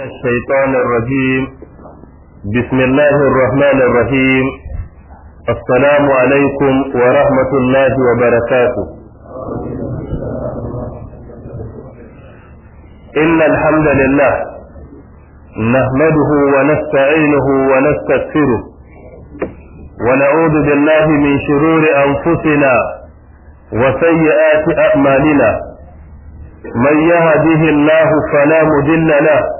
من الشيطان الرجيم بسم الله الرحمن الرحيم السلام عليكم ورحمة الله وبركاته إن الحمد لله نحمده ونستعينه ونستغفره ونعوذ بالله من شرور أنفسنا وسيئات أعمالنا من يهده الله فلا مضل له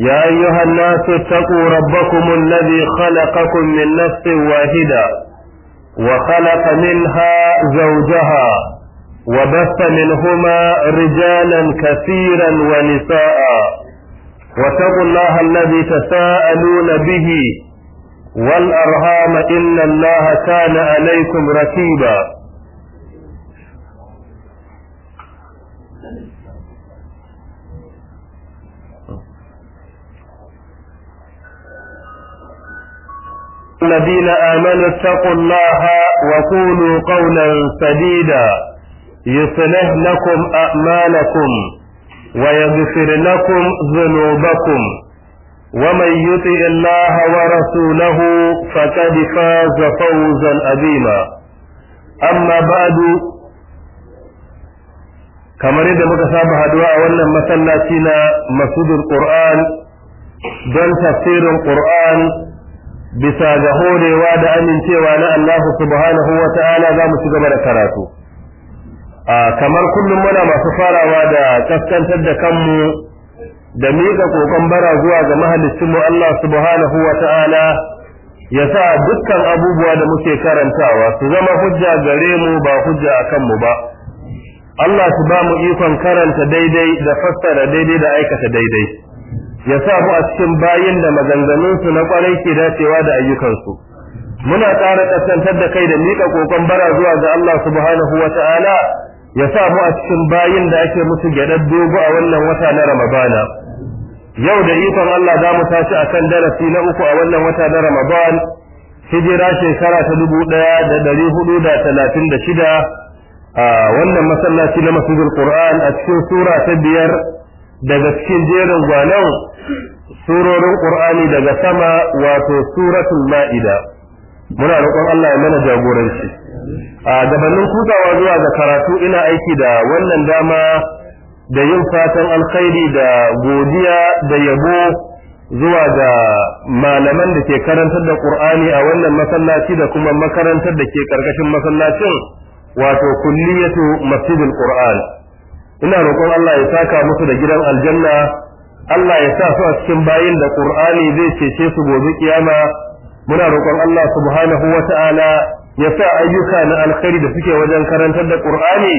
يا أيها الناس اتقوا ربكم الذي خلقكم من نفس واحدة وخلق منها زوجها وبث منهما رجالا كثيرا ونساء واتقوا الله الذي تساءلون به والأرهام إن الله كان عليكم ركيبا الذين آمنوا اتقوا الله وقولوا قولا سديدا يصلح لكم أعمالكم ويغفر لكم ذنوبكم ومن يطع الله ورسوله فقد فاز فوزا عظيما أما بعد kamar yadda muka saba haduwa a wannan masallaci na masudul Qur'an don tafsirin Qur'an bisa ga horewa da amincewa na Allah subhanahu wa ta'ala za mu ci gaba da karatu a kamar kullum muna masu farawa da kaskantar da kanmu da miƙa kokon bara zuwa ga mu Allah subhanahu wa ta'ala ya sa dukkan abubuwa da muke karantawa su zama hujja gare mu ba hujja a kanmu ba Allah su ba mu ikon karanta daidai da fassara daidai da aikata daidai ya sa mu a cikin bayin da maganganunsu na kwarai ke dacewa da ayyukansu muna ƙara kasantar da kai da miƙa kokon bara zuwa ga Allah subhanahu wa ta'ala ya sa mu a cikin bayin da ake musu gyaɗar dogo a wannan wata na ramadana yau da ikon Allah za mu tashi a kan darasi na uku a wannan wata na ramadan hijira shekara ta dubu ɗaya da ɗari hudu da talatin da shida a wannan masallaci na masjidul qur'an a cikin sura ta biyar daga cikin jerin gwanon surorin ƙur'ani daga sama wato suratul ma'ida muna roƙon Allah ya mana jagoranci a gabanin kutawa zuwa ga karatu ina aiki da wannan dama da yin fatan alkhairi da godiya da yabo zuwa ga malaman da ke karantar da ƙur'ani a wannan masallaci da kuma makarantar da ke karkashin masallacin wato kulliyatu masjidul qur'an ina roƙon Allah ya saka musu da gidan aljanna Allah ya sa su a cikin bayin da Qur'ani zai cece su gobe kiyama muna roƙon Allah subhanahu ta'ala ya sa ayyuka na alkhairi da suke wajen karantar da Qur'ani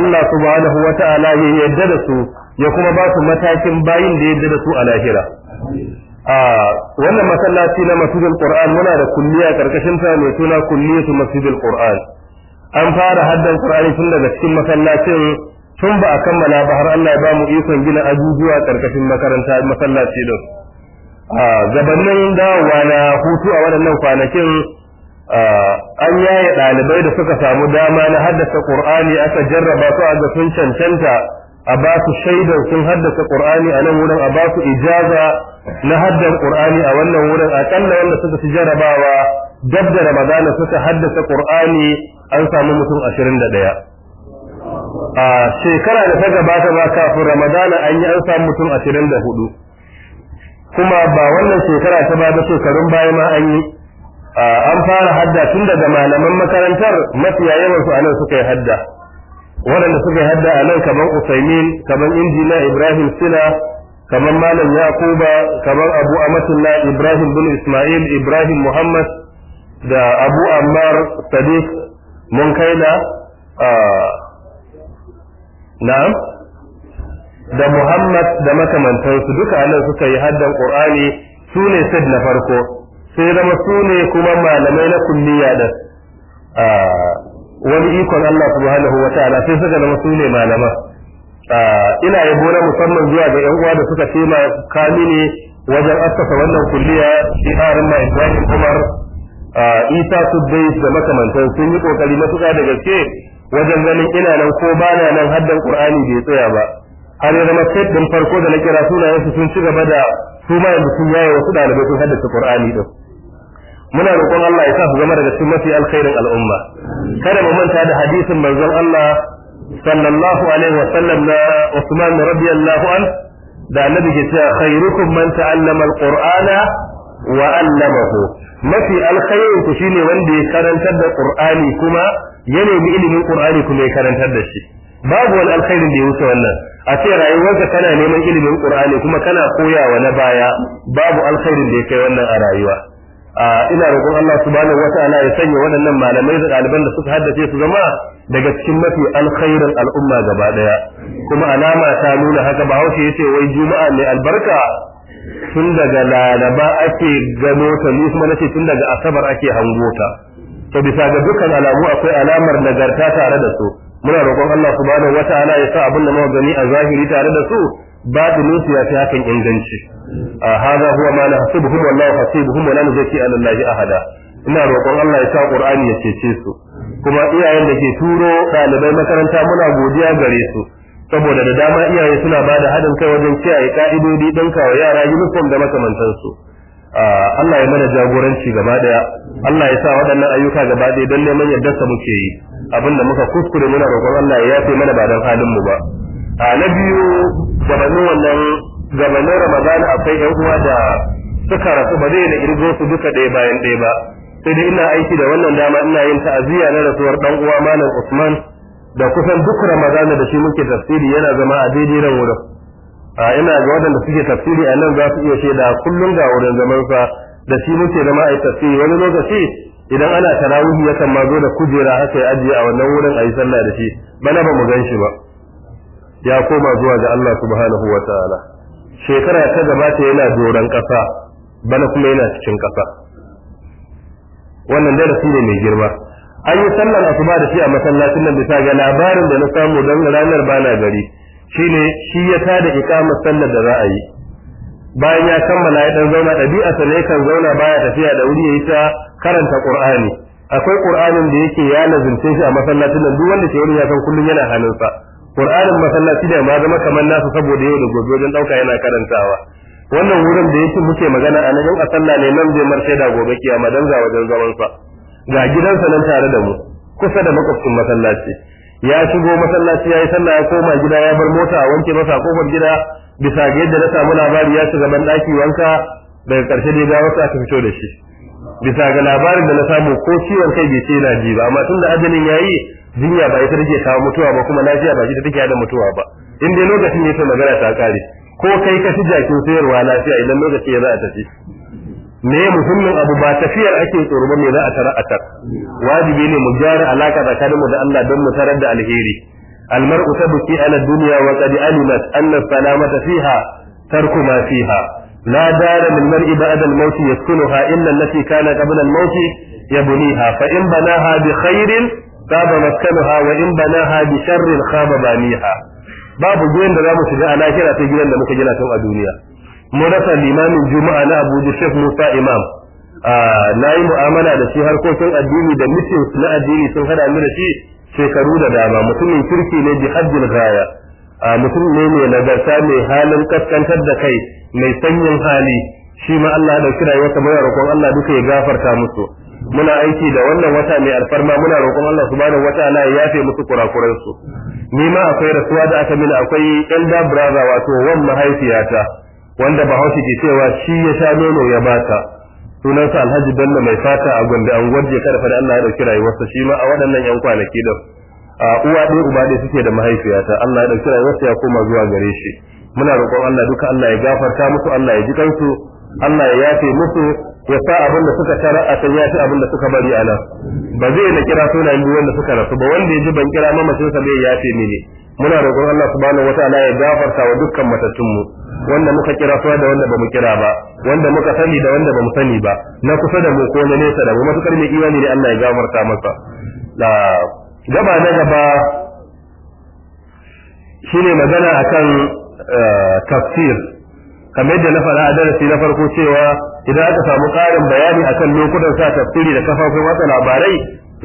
Allah subhanahu ta'ala ya yarda da su ya kuma ba su matakin bayin da yadda da su a lahira a wannan masallaci na masjidul Qur'an muna da kulliya karkashin ta mai suna kulliyatu masjidul Qur'an an fara haddan Qur'ani tun daga cikin masallacin tun ba a kammala ba har Allah ya ba mu ikon gina ajujuwa karkashin makaranta masallaci din a gabanin dawowa na hutu a waɗannan kwanakin an yaye ɗalibai da suka samu dama na haddasa Qur'ani aka jarraba su a ga sun cancanta a ba su shaidar sun haddasa Qur'ani a nan wurin a ba su ijaza na haddar Qur'ani a wannan wurin akalla wanda suka ci jarrabawa dab da Ramadana suka haddasa Qur'ani an samu mutum ashirin da ɗaya. a shekara da ta gabata ba kafin ramadana an yi an samu mutum ashirin da hudu kuma ba wannan shekara ta ba da shekarun baya ma an yi an fara hadda tun daga malaman makarantar mafiya yawan su a nan suka yi hadda waɗanda suka yi hadda a nan kamar usaimin kamar injina ibrahim sila kamar malam yakuba kamar abu amatullah ibrahim bin ismail ibrahim muhammad da abu ammar sadiq mun kai da na'am da Muhammad da makamantansu duka nan suka yi haddan Qur'ani su ne sid na farko sai zama su ne kuma malamai na kulliya da ah, wani ikon Allah subhanahu wa ta'ala sai suka zama su ne malama ah, ina yabo na musamman zuwa ga yan uwa da suka taimaka mini wajen assasa wannan kulliya shi harin ma Ibrahim Umar ah, Isa Suddai da makamantan sun yi kokari matuƙa da gaske wajen ganin ina nan ko ba na nan haddan qur'ani bai tsaya ba har ya zama sai din farko da na kira sunayen su sun ci gaba da su ma yanzu sun yaye wasu dalibai sun haddace qur'ani din muna roƙon Allah ya sa su zama daga cikin mafi alkhairin al'umma kada mu manta da hadisin manzon Allah sallallahu alaihi wa sallam na Usman radiyallahu an da annabi ke cewa khairukum man ta'allama al-qur'ana wa allamahu mafi alkhairin ku shine wanda ya karantar da qur'ani kuma ya nemi ilimin qur'ani kuma ya karantar da shi babu wani alkhairin da ya wuce wannan a ce rayuwarka kana neman ilimin qur'ani kuma kana koyawa na baya babu alkhairin da ya kai wannan a rayuwa ina roƙon Allah subhanahu wataala ya sanya waɗannan malamai da ɗaliban da suka haddace su zama daga cikin mafi alkhairin al'umma gaba ɗaya kuma alama ta nuna haka ba hausa yace wai juma'a mai albarka tun daga laraba ake gano ta ni kuma nace tun daga asabar ake hango ta to bisa ga dukkan alamu akwai alamar nagarta tare da su muna roƙon Allah subhanahu wataala ya sa abin da muka gani a zahiri tare da su batinin su ya ta hakan inganci a hada huwa ma nahsibuhum wallahu hasibuhum wa la nuzaki ala allahi ahada ina roƙon Allah ya sa Qur'ani ya cece su kuma iyayen da ke turo ɗalibai makaranta muna godiya gare su saboda da dama iyaye suna ba da haɗin kai wajen kiyaye ka'idodi don kawo yara uniform da makamantansu ah, Allah ya mana jagoranci gaba daya Allah ya sa waɗannan ayyuka gaba daya don neman yadda sa muke yi abin da muka kuskure muna roƙon Allah ya yafe mana ba don halin mu ba a ah, na biyu gabanin wannan gabanin Ramadan akwai yan uwa da suka rasu ba zai na irgo su duka ɗaya bayan ɗaya ba sai dai ina aiki da wannan dama ina yin ta'aziyya na rasuwar ɗan uwa malam Usman da kusan duk ramadana da shi muke tafsiri yana zama a daidai ran wurin ina ga waɗanda suke tafsiri a nan za su iya shaida kullum ga wurin zaman sa da shi muke zama a tafsiri wani lokaci idan ana tarawihi ya ma zo da kujera aka yi ajiye a wannan wurin a yi sallah da shi bana ba mu gan shi ba ya koma zuwa ga Allah subhanahu wa ta'ala shekara ta gabata yana doron ƙasa bana kuma yana cikin ƙasa wannan darasi ne mai girma an yi sallar asuba da shi a masallacin nan bisa ga labarin da na samu don ranar bana gari shine shi ya tada ikamar sallar da za a yi bayan ya kammala ya dan zauna ɗabi'a sa ne kan zauna baya tafiya da wuri yayi ta karanta qur'ani akwai qur'anin da yake ya lazimce shi a masallacin nan duk wanda ke wurin ya san kullun yana sa qur'anin masallaci da ma zama kamar nasu saboda yau da gobe don dauka yana karantawa wannan wurin da yake muke magana a nan a sallah ne nan zai marshe da gobe kiyama dan za wajen zaman sa ga gidansa nan tare da mu kusa da makwabcin masallaci ya shigo masallaci ya yi sallah ya koma gida ya bar mota wanke masa kofar gida bisa ga yadda na samu labari ya shiga ban daki wanka daga karshe dai ga wasu aka fito da shi bisa ga labarin da na samu ko ciwon kai bai ce na ji ba amma tunda ajalin yayi duniya ba ita take kawo mutuwa ba kuma lafiya ba ita take da mutuwa ba in dai lokacin ne ta magana ta kare ko kai ka fi jakin sayarwa lafiya idan lokaci ya za a tafi me muhimmin abu ba tafiyar ake tsoro ba me za a tara a tar wajibi ne mu gyara alaka tsakaninmu da Allah don mu tarar da alheri almar'u tabki ala dunya wa qad alimat anna salamata fiha tarku ma fiha la dara min mar'i ba'da al-maut yaskunuha illa allati kana qabla al-maut yabniha fa in banaha bi khairin saba maskanuha wa in banaha bi sharrin khaba baniha babu gidan da za mu shiga a lahira sai gidan da muka gina tun a duniya mun rasa limamin juma'a na abuja sheikh musa imam ah, na yi mu'amala da shi harkokin addini da meetings na addini sun hada mu da shi shekaru da dama mutumin kirki ne bihajjil gaya ah, mutum ne mai nagarta mai halin kaskantar da kai mai sanyin hali shi ma Allah da kira ya kamar roƙon Allah duka ya gafarta musu muna aiki da wannan wata mai alfarma muna roƙon Allah subhanahu wata ya yafe musu kurakuran su ni ma akwai rasuwa da aka mini akwai elder brother wato wan mahaifiyata wanda bahaushe ke cewa shi ya sha nono ya bata sunansa alhaji bello mai fata a gwanda an gwaje kada fada allah ya ɗauki rayuwarsa shi ma a waɗannan yan kwanaki da uwa ɗaya uba ɗaya suke da mahaifiyata allah ya ɗauki rayuwarsa ya koma zuwa gare shi muna roƙon allah duka allah ya gafarta musu allah ya ji kansu allah ya yafe musu ya sa abin da suka tara a can ya abin da suka bari a nan ba zai na kira sunayen duk wanda suka rasu ba wanda ya ji ban kira mamacinsa bai yafe mini muna roƙon allah subhanahu wataala ya gafarta wa dukkan matattunmu wanda muka kira suwa da wanda bamu kira ba wanda muka sani da wanda bamu sani ba na kusa da mu ko na nesa da mu matukar mai imani ne Allah ya gafarta masa la gaba na gaba shine magana akan eh, tafsir kamar yadda na faɗa a darasi na farko cewa idan aka samu ƙarin bayani akan lokutan sa tafsiri da kafafun watsa labarai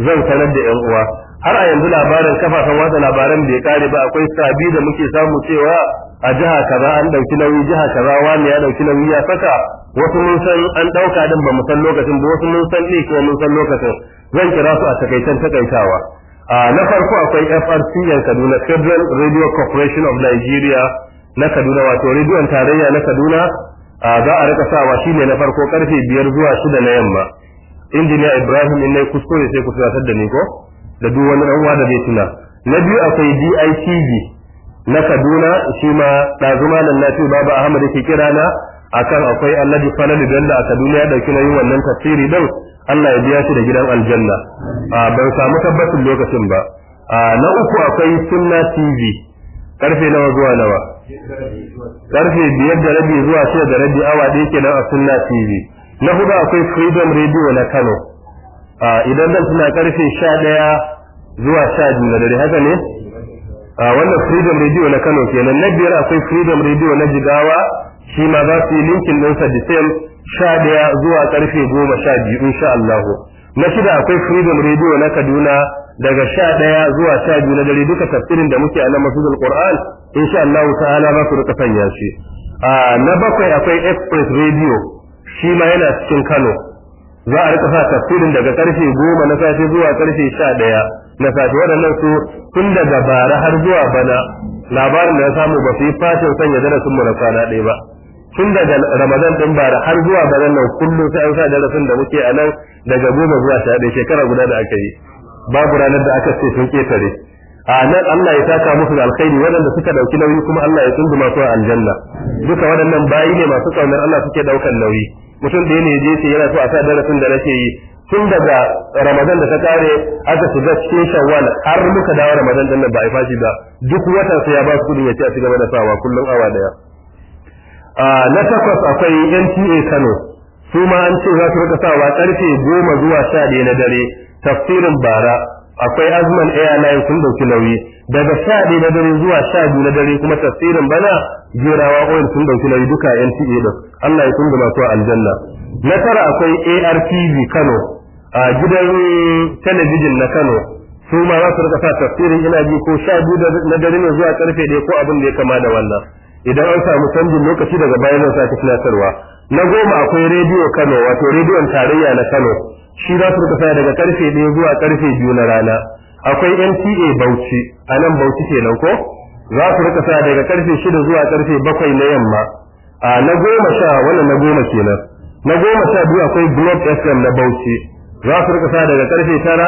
zan sanar da yan uwa har a yanzu labarin kafafen wasa labaran bai kare ba akwai sabi da muke samu cewa a jiha kaza an dauki nauyi jiha kaza wani ya dauki nauyi ya saka wasu mun san an dauka din ba mu san lokacin ba wasu mun san ne ko mun san lokacin zan kira su a takaitan takaitawa a na farko akwai FRC yan Kaduna Federal Radio Corporation of Nigeria na Kaduna wato rediyon tarayya na Kaduna za a rika sawa shine na farko karfe biyar zuwa shida na yamma injiniya Ibrahim in yi kuskure sai ku tsatar da ni ko da duk wani ɗan uwa da zai tuna na biyu akwai DITV na Kaduna shi ma ɗazuma nan na ce Baba Ahmad yake kira na akan akwai Alhaji Falalu dalla a Kaduna ya dauki nayin wannan tafsiri din Allah ya biya shi da gidan aljanna ban samu tabbacin lokacin ba na uku akwai Sunna TV karfe nawa zuwa nawa karfe biyar da rabi zuwa shida da rabi awa ɗaya kenan a Sunna TV na hudu akwai Freedom Radio na Kano idan dan suna karfe sha ɗaya zuwa sha biyu dare haka ne wannan freedom radio na kano kenan na biyar akwai freedom radio na jigawa shi ma za su yi linkin din sa same sha zuwa karfe goma sha biyu insha Allah na shida akwai freedom radio na kaduna daga sha ɗaya zuwa sha biyu na dare duka tafsirin da muke a nan masjidul qur'an insha Allah ta'ala ba su rika sanya shi na bakwai akwai express radio shi ma yana cikin kano za a rika sa tafsirin daga karfe goma na safe zuwa karfe sha ɗaya na safe waɗannan su tun daga bara har zuwa bana labarin da ya samu ba su yi fashin sanya darasin mu na kwana ɗaya ba tun daga ramadan ɗin bara har zuwa bana nan kullum sai an sa darasin da muke a nan daga goma zuwa sha ɗaya shekara guda da aka yi babu ranar da aka ce sun ƙetare a nan Allah ya saka musu da alkhairi waɗanda suka ɗauki nauyi kuma Allah ya tsunduma su a aljanna duka waɗannan bayi ne masu ƙaunar Allah suke ɗaukan nauyi mutum da ya je ce yana so a sa darasin da nake yi tun daga ramadan da ta kare aka shiga cikin shawwal har muka dawo ramadan din nan ba a fashi ba duk watan sai ya ba su kudin ya ci a cigaba da sawa kullum awa daya ah, na takwas akwai NTA Kano su ma an ce za su rika sawa karfe goma zuwa sha daya na dare tafsirin bara akwai azman airline sun dauki nauyi daga sha na dare zuwa sha biyu na dare kuma tasirin bana jerawa oil sun dauki nauyi duka NTA din Allah ya kunga masu aljanna na tara akwai ARTV Kano a gidan talabijin na Kano su ma za su rika sa tasirin ina ji ko sha biyu na dare ne zuwa karfe ɗaya ko abin da ya kama da wannan idan an samu canjin lokaci daga bayan zan sake tunatarwa na goma akwai rediyo Kano wato rediyon tarayya na Kano shi za su rika saya daga karfe ɗaya zuwa karfe biyu na rana akwai NTA Bauchi a nan Bauchi kenan ko za su rika saya daga karfe shida zuwa karfe bakwai na yamma a na goma sha wannan na goma kenan na goma sha biyu akwai Globe FM na Bauchi za su rika saya daga karfe tara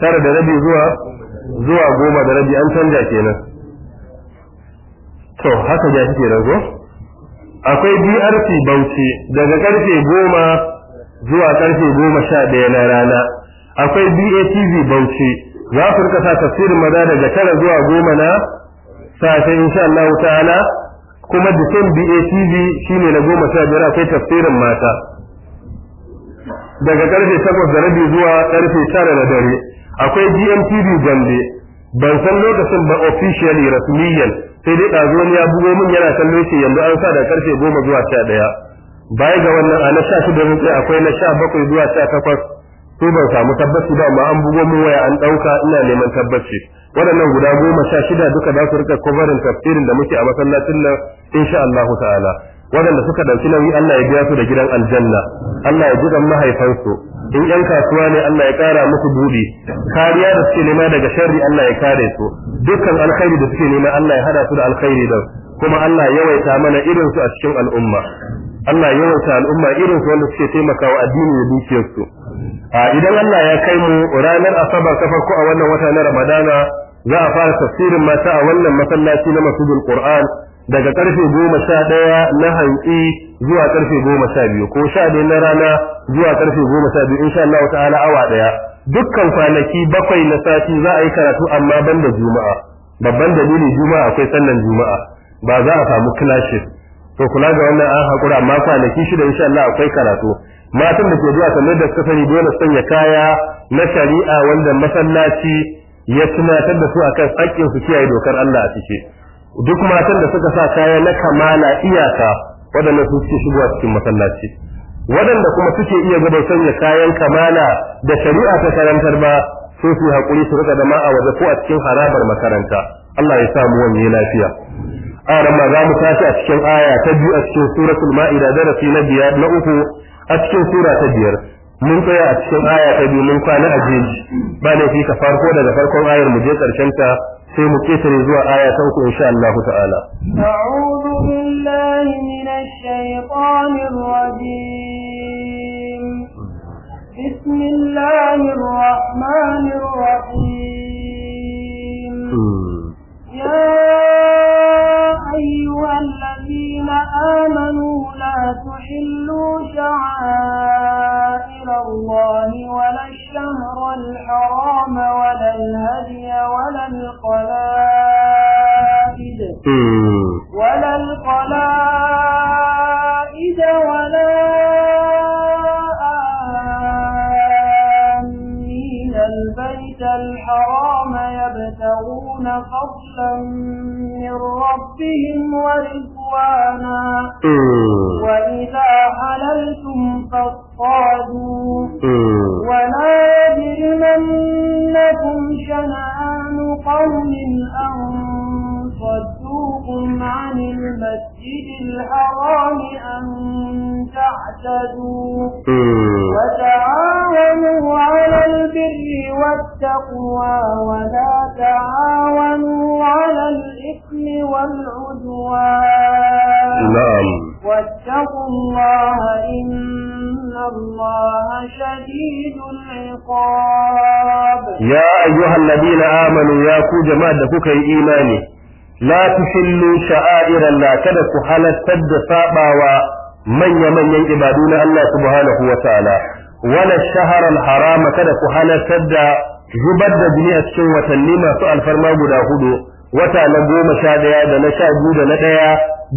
tara da rabi zuwa zuwa goma da rabi an canja kenan to haka ya take nan ko akwai DRC Bauchi daga karfe goma zuwa karfe goma sha daya na rana akwai BATV Bauchi za su rika sa tafsirin maza daga tara zuwa goma na safe insha Allah ta'ala kuma jikin BATV shine na goma sha biyar akwai tafsirin mata daga karfe takwas da rabi zuwa karfe tara na dare akwai GMTV Gombe ban san lokacin ba officially rasmiyan sai dai ɗazu wani ya bugo min yana kallon shi yanzu an sa da karfe goma zuwa sha ɗaya baya ga wannan a na sha shida rutse akwai na sha bakwai zuwa sha takwas su ban samu tabbaci ba amma an bugo min waya an ɗauka ina neman tabbaci waɗannan guda goma sha shida duka za su rika kofarin tafsirin da muke a masallacin nan insha Allah ta'ala waɗanda suka ɗauki nauyi Allah ya biya su da gidan aljanna Allah ya jiran mahaifansu in ƴan kasuwa ne Allah ya ƙara musu buɗi kariya da suke nema daga sharri Allah ya kare su dukkan alkhairi da suke nema Allah ya hada su da alkhairi da kuma Allah yawaita mana irin su a cikin al'umma Allah ya al'umma irin su wanda suke taimakawa addini da dukiyarsu idan Allah ya kai mu ranar asabar ta farko a wannan wata na Ramadana za a fara tafsirin mata a wannan masallaci na masjidul Qur'an daga karfe goma sha ɗaya na hantsi zuwa karfe goma sha biyu ko sha ɗaya na rana zuwa karfe goma sha biyu insha Allah ta'ala awa ɗaya dukkan kwanaki bakwai na sati za a yi karatu amma banda juma'a babban dalili juma'a akwai sannan juma'a ba za a samu clashes to kula ga wannan an haƙura amma kwanaki shida insha Allah akwai karatu matan da ke zuwa kamar da suka sani dole sanya kaya na shari'a wanda masallaci ya tunatar da su akan haƙƙin su kiyaye dokar Allah a ciki duk matan da suka sa kaya na kamala iyaka waɗannan su suke shigowa cikin masallaci waɗanda kuma suke iya gaba sanya kayan kamala da shari'a ta karantar ba sai su haƙuri su rika da ma a waje ko a cikin harabar makaranta Allah ya samu wani lafiya أرما ذام تاتي أتكن آية تجو أتكن آية سورة المائدة درسي نبيا نأفو أتكن سورة تجير من قيا أتكن آية تجو من قانا أجيج بعد في كفار قولة كفار آية المجيسة الشمسة في مكيسر يزوى آية تأفو إن شاء الله تعالى أعوذ بالله من الشيطان الرجيم بسم الله الرحمن الرحيم da kuka yi imani la tuhillu sha'airan la kada ku halattar da sabawa manya manyan ibadu na Allah subhanahu wa ta'ala wala shaharar harama kada ku halattar da zubar da jini a cikin watanni masu alfarma guda hudu wata na goma sha daya da na sha biyu da na daya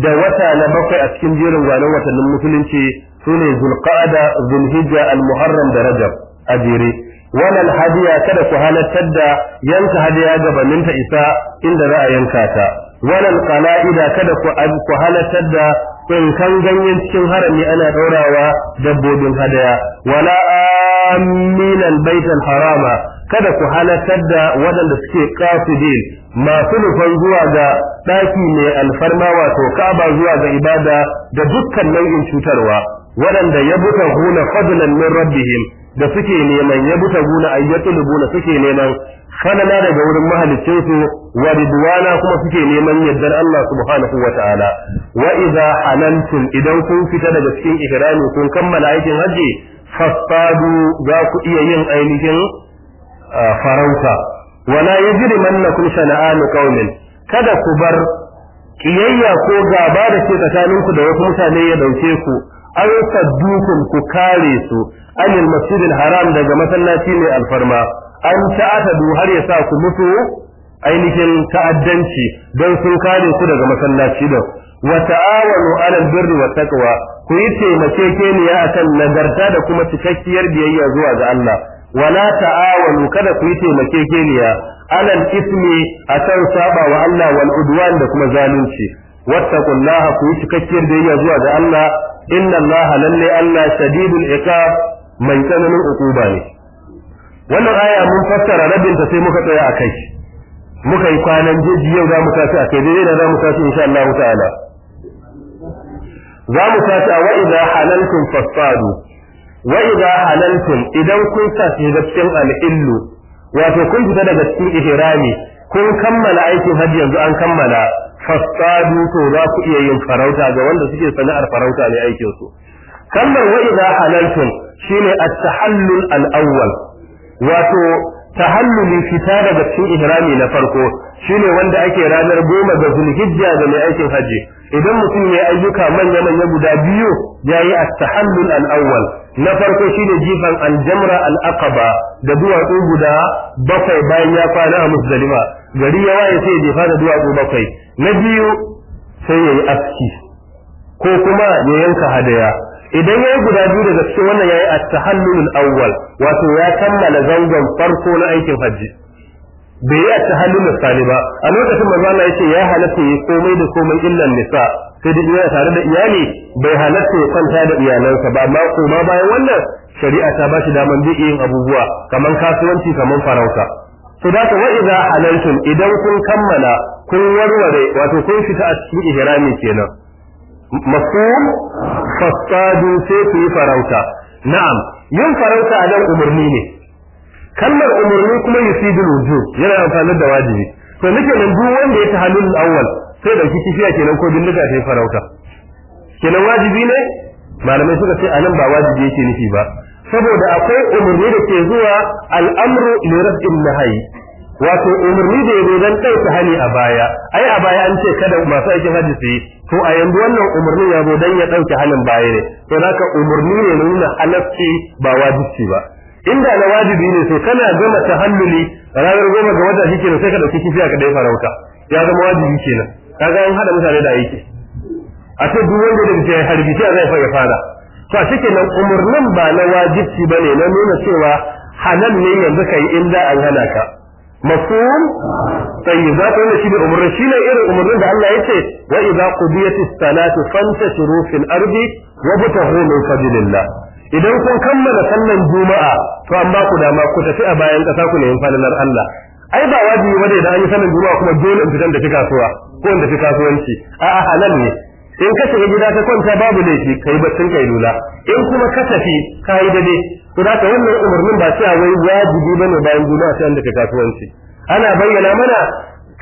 da wata na bakwai a cikin jerin gwanon watannin musulunci sune zulqa'ada zulhijja almuharram da rajab a jere walal hadiya kada ku halattar da yanka hadiya gabanin ta isa inda za a yanka ta walal qala'ida kada ku halattar da tsinkan ganyen cikin harami ana daurawa dabbobin hadaya wala aminan baitul harama kada ku halattar da waɗanda suke kasidin masu nufan zuwa ga ɗaki mai alfarma wato ka'aba zuwa ga ibada da dukkan nau'in cutarwa waɗanda ya buta huna fadlan min rabbihim da suke neman ya buta guna ayyatul buna suke neman falala daga wurin mahalicin su wa ridwana kuma suke neman yaddar Allah subhanahu wa ta'ala wa idza halaltum idan kun fita daga cikin ihrami kun kammala aikin haji fasadu za ku iya yin ainihin farauta wala yajrimannakum shana'anu qaumin kada ku bar kiyayya ko gaba da ke tsakaninku da wasu mutane ya dauke ku an saddukun ku kare su anil masjidil haram daga masallaci mai alfarma an ta'atadu har ya sa ku mutu ainihin ta'addanci don sun kare ku daga masallaci da wa ta'awanu 'alal birri wa taqwa ku yi taimakekeniya akan nagarta da kuma cikakkiyar biyayya zuwa ga Allah la ta'awanu kada ku yi taimakekeniya 'alal ismi akan saba wa Allah wal udwan da kuma zalunci wattaqullaha ku yi da biyayya zuwa ga Allah inna Allah lalle Allah shadidul iqab mai tsananin uquba ne wannan aya mun fassara rabin ta sai muka tsaya akai muka yi kwanan jeji yau za mu tashi akai dai da za mu tashi insha Allah ta'ala za mu tashi wa idza halaltum fasadu wa idza halaltum idan kun tashi daga cikin al'illu wato kun fita daga cikin ihrami kun kammala aikin hajji yanzu an kammala fasadu to za ku iya yin farauta ga wanda suke sana'ar farauta ne aikin su kalmar wa idza halaltum shine at-tahallul al-awwal wato tahalluli fita daga cikin ihrami na farko shine wanda ake ranar goma ga zulhijja da mai aikin haji idan mutum ya ayyuka manya manya guda biyu yayi at-tahallul al-awwal na farko shine jifan aljamra al-aqaba da duwatsu guda bakwai bayan ya kwana a musdalima gari ya waye sai jefa da duwatsu bakwai na biyu sai yayi aski ko kuma ya yanka hadaya idan yayi guda biyu daga cikin wannan yi at-tahallul awwal wato ya kammala zangon farko na aikin hajji bai yi a ta halin misali ba a lokacin manzo Allah ce ya halatta yi komai da komai illan nisa sai dai yana tare da iyali bai halatta ya kwanta da iyalansa ba amma kuma bayan wannan shari'a ta ba shi daman zai yin abubuwa kamar kasuwanci kamar farauta to da wa idza halaltum idan kun kammala kun warware wato kun fita a cikin ihrami kenan mafhum fasadu sai ku yi farauta na'am yin farauta a nan umarni ne kalmar umarni kuma yusidul wujub yana amfani da wajibi to nake nan duk wanda ya tahallul awwal sai da kici kiya kenan ko daga sai farauta kenan wajibi ne malamai suka ce anan ba wajibi yake nufi ba saboda akwai umarni da ke zuwa al'amru li rabbil nahyi wato umarni da yake dan kai ta hali a baya ai a baya an ce kada masu aikin hajji su yi to a yanzu wannan umarni ya zo dan ya dauke halin baya ne to zaka umarni ne nuna halacci ba wajibi ba inda na wajibi ne sai kana gama tahalluli ranar goma ga wata shi kenan sai ka dauki kifiya ka dai farauta ya zama wajibi kenan kaga an hada mutane da aiki a ce duk wanda da ke harbi sai zai fara fara to a cikin nan umurnin ba na wajibi bane na nuna cewa halal ne yanzu kai inda an hana ka mafhum tayyib za ta shi da umarni. shi ne irin umurnin da Allah yace wa idza qudiyatis salatu fantashiru fil ardi wabtaghu min fadlillah idan kun kammala sallan juma'a to an ba ku dama ku tafi a bayan ƙasa ku nemi falalar Allah ai ba wajibi bane da an yi sanin juma'a kuma dole in fitan da fi kasuwa ko in fi kasuwanci a'a halal ne in ka shiga gida ka kwanta babu laifi kai baccin kai lula in kuma ka tafi ka yi dade to da ka wannan umarnin ba a wai wajibi ba ne bayan duniya sai an da kasuwanci ana bayyana mana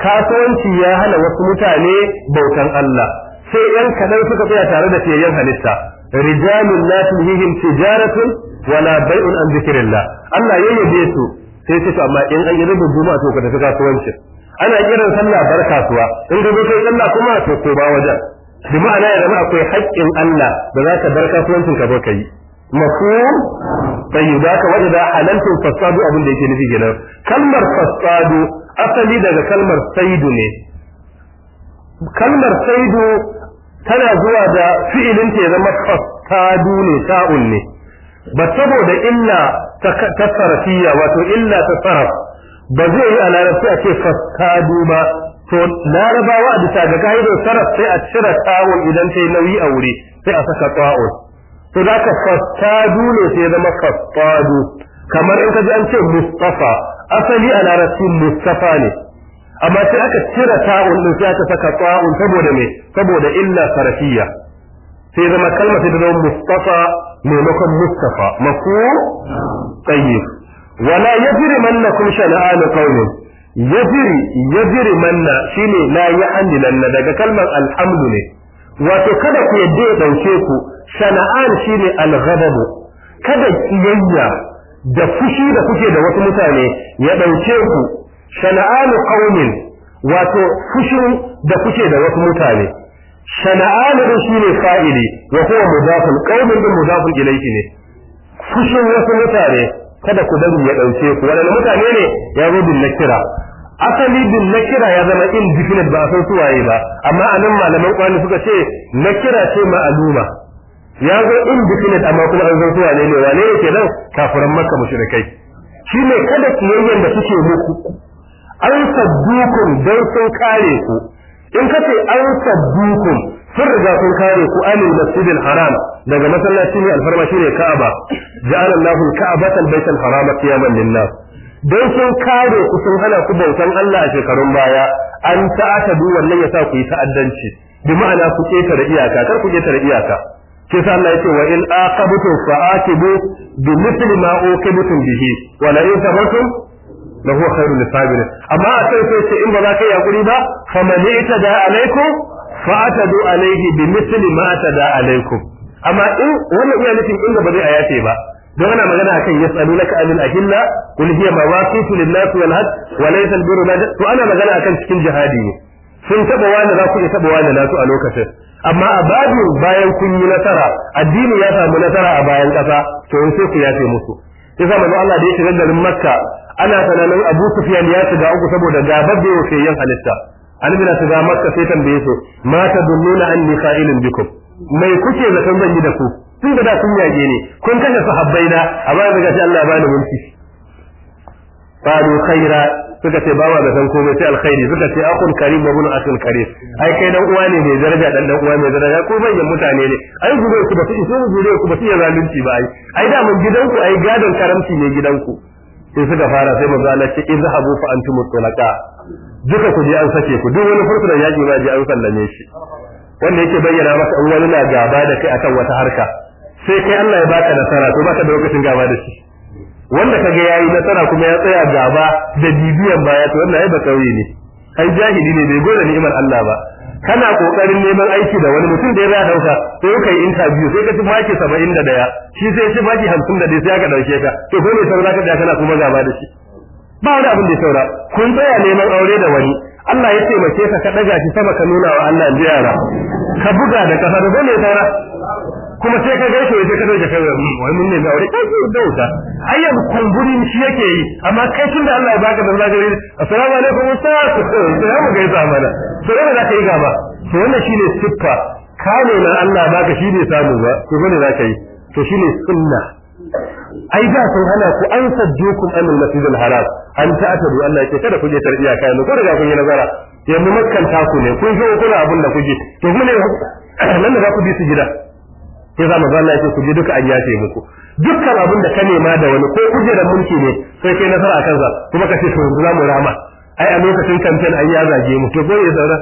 kasuwanci ya hana wasu mutane bautan Allah sai yan kaɗan suka tsaya tare da fiyayyen halitta rijalun la tulhihim tijaratun wala bai'un an zikrillah Allah ya yabe sai su amma in an yi rubin juma'a to ka tafi kasuwanci ana kiran sallah bar kasuwa in ka sai kai kuma to ko ba wajen bi ma'ana akwai haƙƙin Allah da za ka bar kasuwancin ka zo ka yi مفهوم طيب ذاك وجد حللتم فصادوا abin da yake nufi kenan kalmar fasadu asali daga kalmar saidu ne kalmar saidu tana zuwa da fi'ilin ta zama fasadu ne ta'un ne ba saboda illa ta sarfiya wato illa ta saraf ba zai yi a larabci a ce fasadu ba to larabawa a bisa ga ka'idar saraf sai a cire ta'un idan ta yi nauyi a wuri sai a saka ta'un to da ka fasadu ne sai zama fasadu kamar in ka ji an ce mustafa asali a larabci mustafa ne amma sai aka cire ta'un din sai aka saka ta'un saboda me saboda illa sarafiyya sai zama kalmar sai zama mustafa maimakon mustafa mafu tayyib wala yajrimannakum shana'an qaumin yajri yajrimanna shine la ya'andilanna daga kalmar alhamdu ne wato kada ku yadda ya dauke ku shana'an shine alghadabu kada kiyayya da fushi da kuke da wasu mutane ya dauke ku shana'anu qaumin wato fushin da kuke da wasu mutane shana'anu shi shine fa'ili wa huwa mudafun qaumin din mudafun ilayhi ne fushin wasu mutane kada ku dan ya dauke ku wannan mutane ne ya zo bin nakira asali bin nakira ya zama indefinite ba san suwaye ba amma anan malaman kwani suka ce nakira ce ma'aluma ya zo indefinite amma kuma an san suwaye ne wane ne kenan kafiran makka mushrikai shine kada kiyayen da suke muku an saddukun dai sun kare ku in ka ce an saddukun sun riga sun kare ku alil masjidil haram daga masallaci ne alfarma ne ka'aba ja'ala Allahu al-ka'bata baytal harama qiyaman linnas dai don sun kare ku sun hana ku bautan Allah a shekarun baya an ta'atadu ya yasa ku yi ta'addanci bi ma'ana ku ketare iyaka kar ku ketare iyaka ke sa Allah yake wa in aqabtu fa'atibu bi mithli ma uqibtum bihi wa la in sabartum la huwa khairul lisabirin amma a sai sai ce in ba za ka yi hakuri ba fa man itada alaikum fa atadu alaihi bi misli ma atada alaikum amma in wannan iya nufin inda ba zai ce ba don ana magana akan yas'alunaka anil ahilla qul hiya mawaqitu lin-nas wal hajj wa laysa al-birru to ana magana akan cikin jihadi ne sun taba wani za ku iya taba wani nasu a lokacin amma a babu bayan kun yi nasara addini ya samu nasara a bayan kasa to in sai ku yafe musu yasa manzo Allah da ya shiga garin Makka ana tunanin Abu Sufyan ya shiga uku saboda gababbe yake yin halitta annabi na shiga makka sai tambaye su ma tadunnuna anni fa'ilun bikum mai kuke zaton zan yi da ku tun da sun yage ne kun kashe sahabbai na a bayan daga shi Allah ya bani mulki qalu khaira suka ce bawa da san komai sai alkhairi suka ce akun karim wa bunu akun karim ai kai dan uwa ne mai daraja dan dan uwa mai daraja ko manyan mutane ne ai gudu ku ba su isu gudu ku ba su ya zalunci ba ai ai da mun gidanku ai gadon karamci ne gidanku sai suka fara sai manzo Allah ce zahabu fa antum tulaka duka ku je an sake ku duk wani fursunan yaki ba je an sallame shi wanda yake bayyana maka in wani na gaba da kai akan wata harka sai kai Allah ya baka nasara to baka da lokacin gaba da shi wanda kaga yayi nasara kuma ya tsaya gaba da bibiyan baya to wannan ai ba kauye ne ai jahili ne bai gode ni'imar Allah ba kana kokarin neman aiki da wani mutum da ya dauka sai ka yi interview sai ka ci maki 71 shi sai ci maki 50 sai ka dauke ka to ko me saura ka da kana kuma gaba da shi ba wani abin da ya saura kun tsaya neman aure da wani Allah ya taimake ka ka daga shi sama ka nuna wa Allah yara ka buga da kafa da zai saura kuma sai ka gaishe sai ka dauke kai wai mun ne aure ka ki da wuta ai yanzu kumburi shi yake yi amma kai tunda Allah ya baka da zagari assalamu alaikum ustaz sai mu gaisa mana sai da kai gaba to wannan shine siffa kame na Allah baka shine samu ba to bane za ka yi to shine sunna ai da sun hana ku an sajjukum an al-masjid al-haram an bi Allah yake kada ku je tarbiya kai ku riga kun yi nazara yanzu makkanta ku ne kun zo kuna abin da kuke to kuma ne nan da za ku bi su gida sai za mu zama ya ce ku ji duka an yafe muku dukkan abin da ka nema da wani ko kujerar mulki ne sai kai nasara a kansa kuma ka ce to za mu rama ai a lokacin kamfen an ya zage mu to ya saura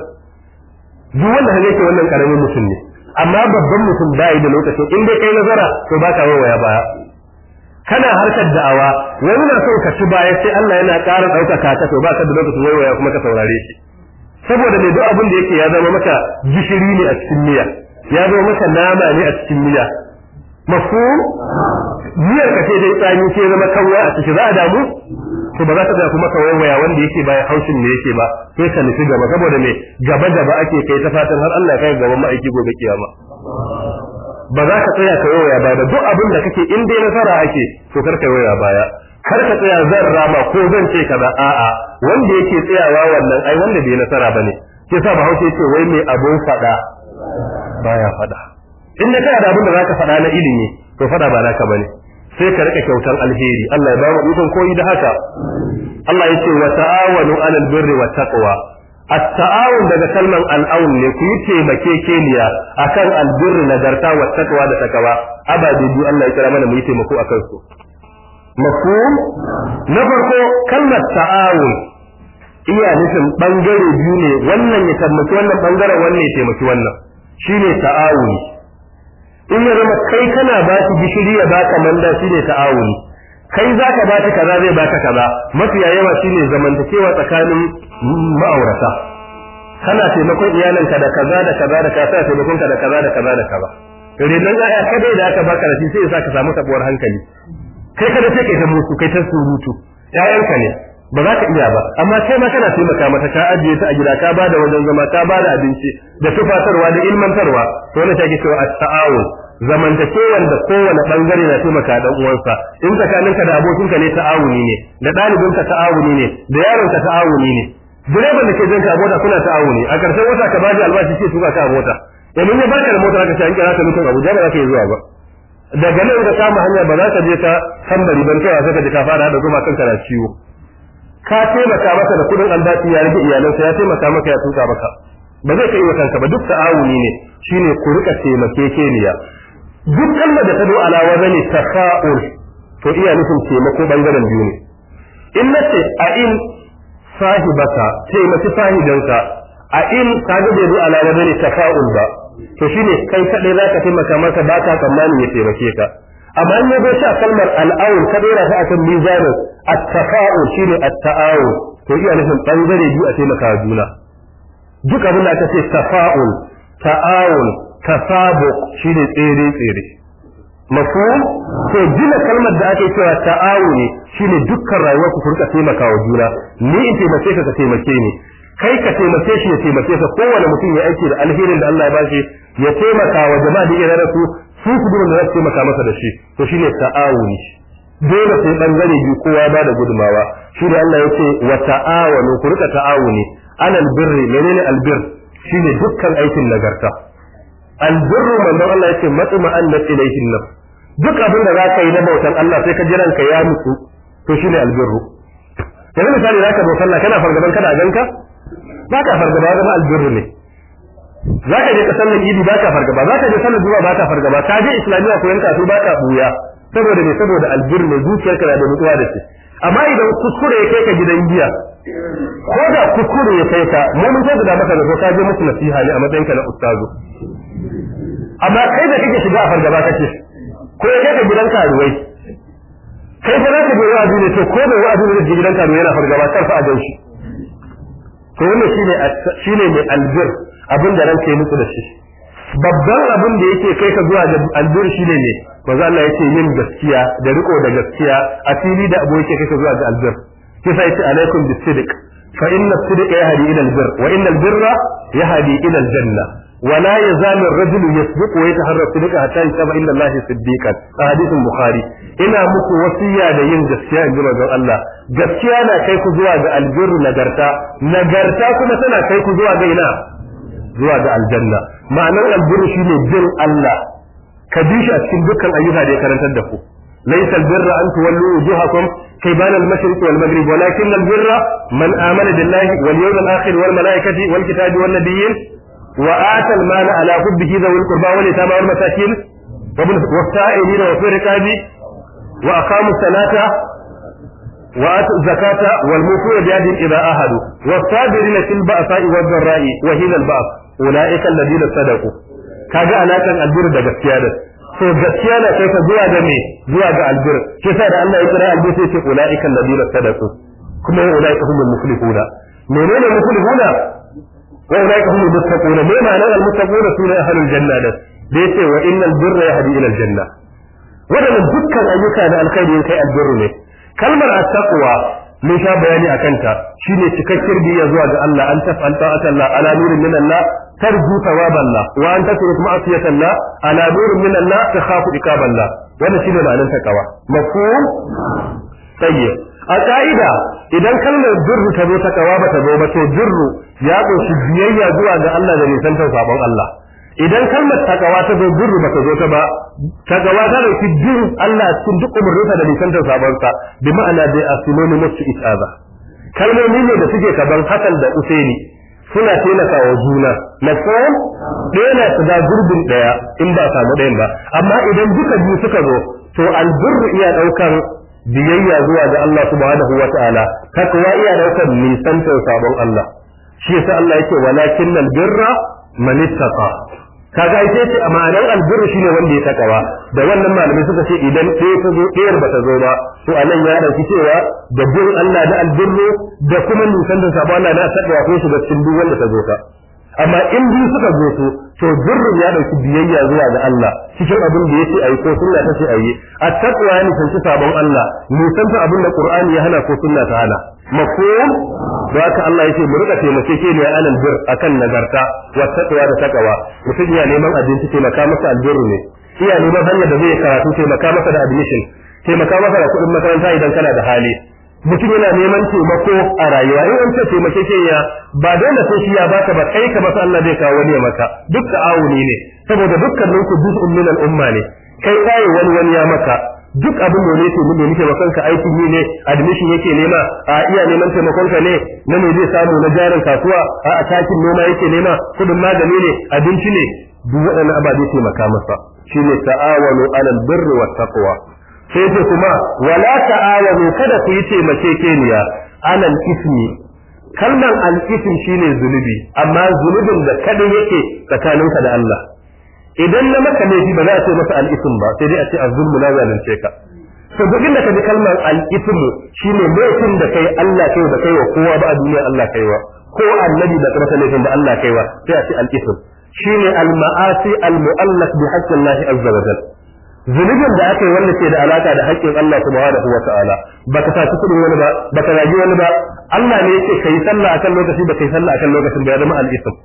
duk wanda hanya ke wannan karamin mutum ne amma babban mutum bai da lokacin in dai kai nazara to ba ka waya baya kana harkar da'awa wani na son ka ci baya sai Allah yana ƙara ɗaukaka ka to ba ka da lokacin waya kuma ka saurare shi saboda mai duk abin da yake ya zama maka gishiri ne a cikin miya ya zo maka nama ne a cikin miya mafu miyar ka ce dai tsani sai zama kawai a cikin za a damu to ba za ka kuma kawai waya wanda yake ba haushin ne yake ba sai ka nufi gaba saboda me gaba gaba ake kai ta fatan har Allah ya kai gaban ma'aiki gobe kiyama ba za ka tsaya ka waya ba da duk abin da kake in dai nasara ake to kar ka waya baya kar ka tsaya zan rama ko zan ce kaza a'a wanda yake tsayawa wannan ai wanda bai nasara ba ne. ke sa bahaushe ce wai mai abun faɗa. baya fada in da kana da abin da zaka fada na ilimi to fada ba naka bane sai ka rika kyautar alheri Allah ya ba mu ikon koyi da haka Allah ya ce wa ta'awanu 'alal birri wat taqwa at-ta'awun daga kalman al'aun ne ku bake keliya akan albirri nagarta wa taqwa da takawa ababe biyu Allah ya kira mana mu yi taimako akan su mafhum na farko kalmar ta'awun iya nufin bangare biyu ne wannan ya taimaki wannan bangaren wannan ya taimaki wannan ne ta'awuni in ya zama kai kana ba shi gishiri ya baka manda shi ne ta'awuni kai za ka ba kaza zai baka kaza mafiya yawa shi ne zamantakewa tsakanin ma'aurata kana taimakon iyalinka da kaza da kaza da kaza taimakon ka da kaza da kaza da kaza renon aya kadai da aka baka da shi sai ya sa ka samu tabuwar hankali kai kada sai kai ta musu kai ta surutu ƴaƴanka ne ba za ka iya ba amma kai ma kana taimaka mata ka ajiye ta a gida ka bada wajen zama ka bada abinci da tufatarwa da ilmantarwa to wannan take cewa at-ta'awun zamantakewan da kowane bangare na taimaka dan uwansa in ka da abokin ka ne ta'awuni ne da ɗalibinka ta'awuni ne da yaron ka ta'awuni ne direban da ke jinka a mota kuna ta'awuni a karshen wata ka baji albashi ce tuka ka bota mota idan ya baka da mota ka ci an ka mutum Abuja ba za ka yi zuwa ba daga nan ka samu hanya ba za ka je ka tambari ban kai sai ka je ka fara hada goma kanka da ciwo ka taimaka maka da kudin albashi ya rage iyalansa ya taimaka maka ya tuka maka ba zai kai wa kanka ba duk ta'awuni ne shine ku rika taimakekeniya duk kalmar da ta zo ala wazani tafa'ul to iya nufin taimako bangaren biyu ne in na ce a in sahibaka taimaki sahibanka a in ka ga bai zo ala wazani tafa'ul ba to shine kai kadai zaka taimaka maka ba ka tsammanin ya taimake ka amma in shi a kalmar al'aun ka dora ta kan mizanin at-tafa'ul shine at-ta'awun to iya nufin bangare biyu a taimaka juna duk abin da aka ce tafa'ul ta'awun tasabu shine tsere tsere mafhum to gina kalmar da ake cewa ne shine dukkan rayuwar ku furka taimaka wa juna ni in taimake ka ka taimake ni kai ka taimake shi ya taimake ka kowane mutum ya aiki da alherin da Allah ya bashi ya taimaka wa jama'a da ya su sun su gudun da za su taimaka masa da shi to ne ta'awuni dole sai bangare biyu kowa ba da gudumawa shi da Allah ce wa ta'awuni, ku rika ta'awuni alal birri menene albir ne dukkan aikin nagarta albirru manzon Allah yake matuma annat ilayhin nan. duk abin da za ka yi na bautan Allah sai ka jiran ka ya mutu to ne albirru yanzu misali za ka bautan Allah kana fargaban kada a ganka ba ka fargaba zama albirru ne za ka je ka sallar idi ba ka fargaba za ka je sallar zuwa ba ta fargaba ka je islamiyya koyon kasu ba ka buya saboda ne saboda albir ne zuciyarka na da mutuwa da shi amma idan kuskure ya kai ka gidan giya ko da kuskure ya kai ka mai mun sai da maka da ko ka je musu nasiha ne a matsayin ka na ustazu amma kai da kake shiga a fargaba kake ko ya kai ka gidan karuwai kai fa zaka je wa'azi ne to ko da wa'azi ne da gidan karuwai yana fargaba kar fa a gaishe to wannan shine shine mai albir abin da ranka yi da shi babban abin da yake kai ka zuwa ga albur shi ne ne manzo Allah yake yin gaskiya da riko da gaskiya a fili da abu yake kai ka zuwa ga albir kisa yace alaikum bisidiq fa inna as-sidqa yahdi ila al-birr wa inna al-birra yahdi ila al-janna ولا يزال الرجل يسبق ويتحرى الصدق حتى يتبع الى الله صديقا حديث البخاري ina muku wasiya da yin gaskiya in ji manzon Allah gaskiya na kai ku zuwa ga albirru nagarta nagarta kuma tana kai ku zuwa ga ina zuwa ga aljanna ma'anar albirru shine bin Allah ka bi shi a cikin dukkan ayyuka da ya karantar da ku laysa albirra an tuwallu wujuhakum qibala al-mashriq wal maghrib walakin albirra man amana billahi wal yawmil akhir wal malaikati wal kitabi wan nabiyyin wa ata al-mala ala hubbihi dhawil qurba wal yatama wal masakin والسائلين وفي الرقاب وأقاموا الصلاة وآتوا الزكاة والموفون بأهلهم إذا أهلوا والصابرين في البأساء والضراء وحين البأس ulaika alladina sadaqu kaga alakan albir da gaskiya da to gaskiya na kai ka zuwa ga me zuwa ga albir sa da Allah ya kira albir sai ce ulaika alladina sadaqu kuma ulaika humul muflihuna menene muflihuna wa ulaika humul muttaquna me ma'anar al muttaquna sune ahlul janna da da yace wa innal birra yahdi ila al janna wadannan dukkan ayyuka na alkhairi kai albirru ne kalmar at-taqwa mun sha bayani akan ta shine cikakkiyar biyya zuwa ga Allah an tafanta Allah ala nurin min Allah ترجو ثواب الله وأن تترك معصية الله على نور من الله تخاف عقاب الله wannan shine ma'anar takawa mafhum tayyib a ka'ida idan kalmar birru ta zo takawa ba ta zo ba to birru ya ƙunshi biyayya zuwa ga Allah da nisantar sabon Allah idan kalmar takawa ta zo birru ba ta zo ta ba takawa ta dauki bin Allah cikin duk umarninsa da nisantar sabon sa bi ma'ana da asimoni musu it'aza kalmomi ne da suke kaban hakan da usaini suna taimaka wa juna mafhum ɗaya na shiga gurbin ɗaya in ba samu ɗayan ba amma idan duka biyu suka zo to albirru iya ɗaukan biyayya zuwa ga Allah subhanahu wa ta'ala takwa iya ɗaukan nisantar sabon Allah shi yasa Allah yake walakin albirra man kaga ai sai a ma'anar albirru shine wanda ya takawa da wannan malamai suka ce idan ɗaya ta zo ɗayar ba ta zo ba to anan ya dauki cewa da bin Allah da albirru da kuma nisan da sabo Allah na takawa ko ga cikin duk wanda ta zo ka amma in biyu suka zo to to birrin ya dauki biyayya zuwa ga Allah cikin abin da yake ayi ko sunna ta ce ayi at ne ya nisanci sabon Allah san ta abin da Qur'ani ya hana ko sunna ta hana mafhum da Allah Allah yake mu rika taimake ke ne alal bir akan nagarta wa taqwa da takawa mutum ya neman abinci taimaka masa albirru ne iya neman hanya da zai karatu taimaka masa da admission taimaka masa da kuɗin makaranta idan kana da hali mutum yana neman taimako a rayuwa in an ce taimake ke ya ba dole sai shi ya baka ba kai ka masa Allah zai kawo wani ya maka duk awuni ne saboda dukkanin ku juz'un min al-umma ne kai kai wani wani ya maka duk abin da ne ce mun nake ba kanka aikin yi ne admission yake nema a iya neman taimakon ka ne na ne zai samu na jarin kasuwa a atakin noma yake nema kudin magani ne abinci ne duk waɗannan ababe taimaka masa shine ta'awalu alal birri wat taqwa sai ce kuma wala ta'awanu kada ku yi keniya alal ismi kalmar al ism shine zunubi amma zunubin da kada yake tsakaninka da Allah idan na maka laifi ba za a ce masa al ism ba sai dai a ce az-zulmu la zalunce ka to duk inda ka ji kalmar al ism shine laifin da kai Allah kai da kai wa kowa ba a duniya Allah kai wa ko annabi da kuma laifin da Allah kai wa sai a ce al ism shine al ma'asi al mu'allaq bi haqqi Allah azza wa jalla zunubin da aka yi wanda ke da alaka da haƙƙin Allah subhanahu wa ta'ala baka saci kudin wani ba baka ragi wani ba Allah ne yake kai sallah akan lokaci ba kai sallah akan lokacin da ya zama al-ism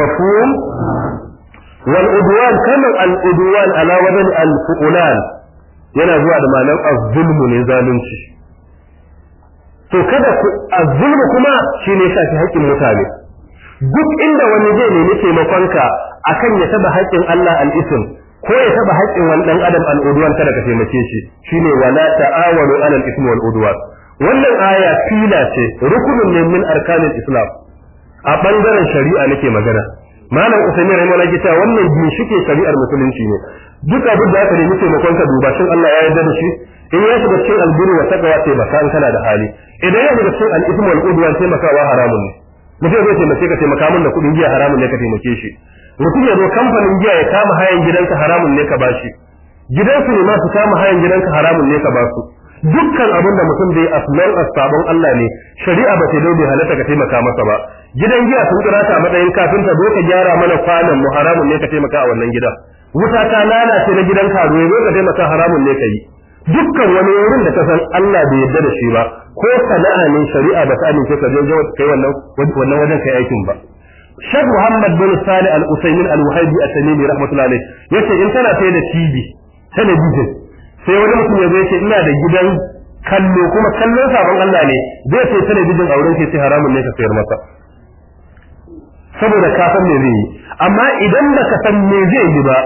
mafhum wal udwan kama al ala wajen al yana zuwa da ma'anar az ne zalunci to kada ku az-zulm kuma shine shafi haƙƙin mutane duk inda wani zai nemi taimakonka akan ya taba haƙƙin Allah al-ism ko ya taba haƙƙin wani ɗan adam al'uduwan kada ka taimake shi shine wala ta'awanu alal ismi wal udwan wannan aya fila ce rukunin ne min arkanin islam a bangaren shari'a nake magana malam usaimin rahimahullah ya gita wannan ginshike shari'ar musulunci ne duk abin da aka nemi taimakon ka duba shin Allah ya yarda da shi in ya shiga cikin albiru wa takawa taimaka in kana da hali idan ya shiga cikin al'ismu wal taimakawa haramun ne mutum zai taimake ka taimaka min da kuɗin giya haramun ne ka taimake shi mutum ya zo kamfanin giya ya kama hayan gidanka haramun ne ka shi gidansu ne masu kama hayan gidanka haramun ne ka ba su dukkan abin da mutum zai as long as sabon Allah ne shari'a ba ta dai bai halatta ka taimaka masa ba gidan giya sun kira ta matsayin kafinta zo ka gyara mana kwanan mu haramun ne ka taimaka a wannan gida wuta ta lalace na gidan karuwa zo ka taimaka haramun ne ka yi dukkan wani wurin da ka san Allah bai yarda da shi ba ko sana'a ne shari'a da ta amince ka je kai wannan wannan wajen kai aikin ba Sheikh Muhammad bin Salih Al-Usaymin al wahidi At-Tamimi rahmatullahi yace in tana sai da TV talabijin sai wani mutum ya zai ce ina da gidan kallo kuma kallon sabon Allah ne zai ce talabijin a wurin sai haramun ne ka sayar masa saboda ka san me zai yi amma idan baka san me zai yi ba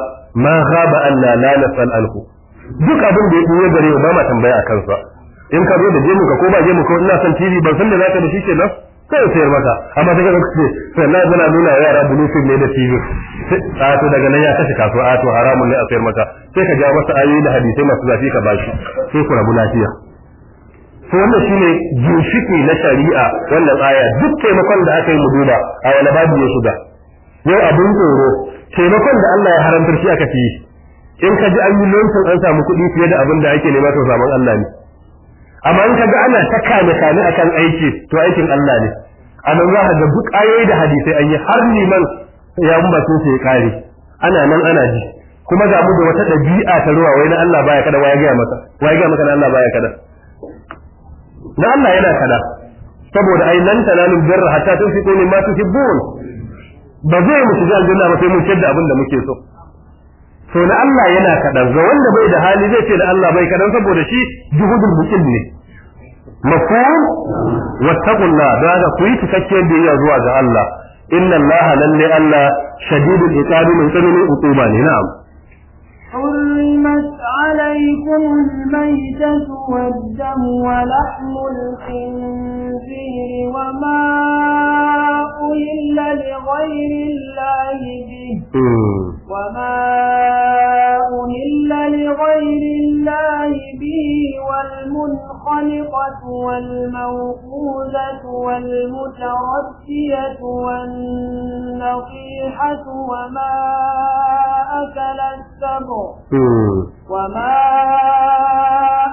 ma ghaba Allah la nasal alhu duk abin da ya ɗuya gare mu ba ma tambaya a kansa in ka zo da gemu ka ko ba gemu ka ina son TV ban san da ka da shi nan sai ya sayar maka amma daga ka ce sai na zana nuna yara bulufin ne da TV a to daga nan ya kashe kasuwa a to haramun ne a sayar maka sai ka ja masa ayoyi da hadisai masu zafi ka bashi sai ku rabu lafiya to wannan shine ginshiki na shari'a wannan aya duk taimakon da aka yi mu duba a wani babu ya shiga yau abin tsoro taimakon da Allah ya haramtar shi aka fi in ka ji an yi lontin an samu kuɗi fiye da abin da ake nema to zaman Allah ne amma in ka ga ana ta kame kame akan aiki to aikin Allah ne a nan za ka ga duk ayoyi da hadisai an yi har liman ya mun bakin sai kare ana nan ana ji kuma ga mu da wata dabi'a ta ruwa wai na Allah baya kada waya ga maka waya ga maka na Allah baya kada na Allah yana kada saboda ai nan talalun birra hatta ne ma tuhibbun ba zai mu shiga aljanna ba sai mun shadda abin da muke so to na Allah yana kadan ga wanda bai da hali zai ce da Allah bai kadan saboda shi juhudul mutum ne mafhum wattaqullah da ga ku yi da biyayya zuwa ga Allah inna Allah lalle Allah shadidul iqabi min tsanani uquba ne na'am حرمت عليكم الميتة والدم ولحم الخنزير وما أهل لغير الله به وما أهل لغير الله به والمنخلقة والموقوذة والمتردية والنقيحة وما أكل السبع وما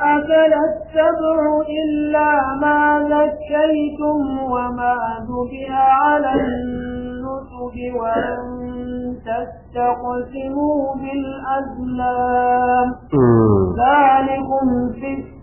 أكل السبع إلا ما ذكيتم وما ذبح على النسب وأن تستقسموا بالأزلام ذلكم فسق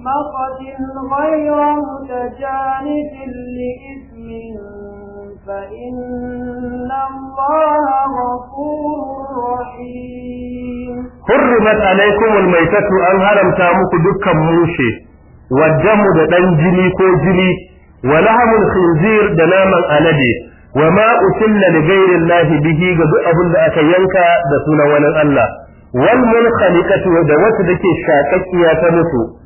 مخمصة غير متجانف لإثم فإن الله غفور رحيم حرمت عليكم الميتة أن هرم تامك دكا موشي والدم دان جلي كو جلي الخنزير دناما ألدي وما أسل لغير الله به قد أبو أكينك دسونا ولن الله والمنخلقة ذكي الشاكك يا تمسو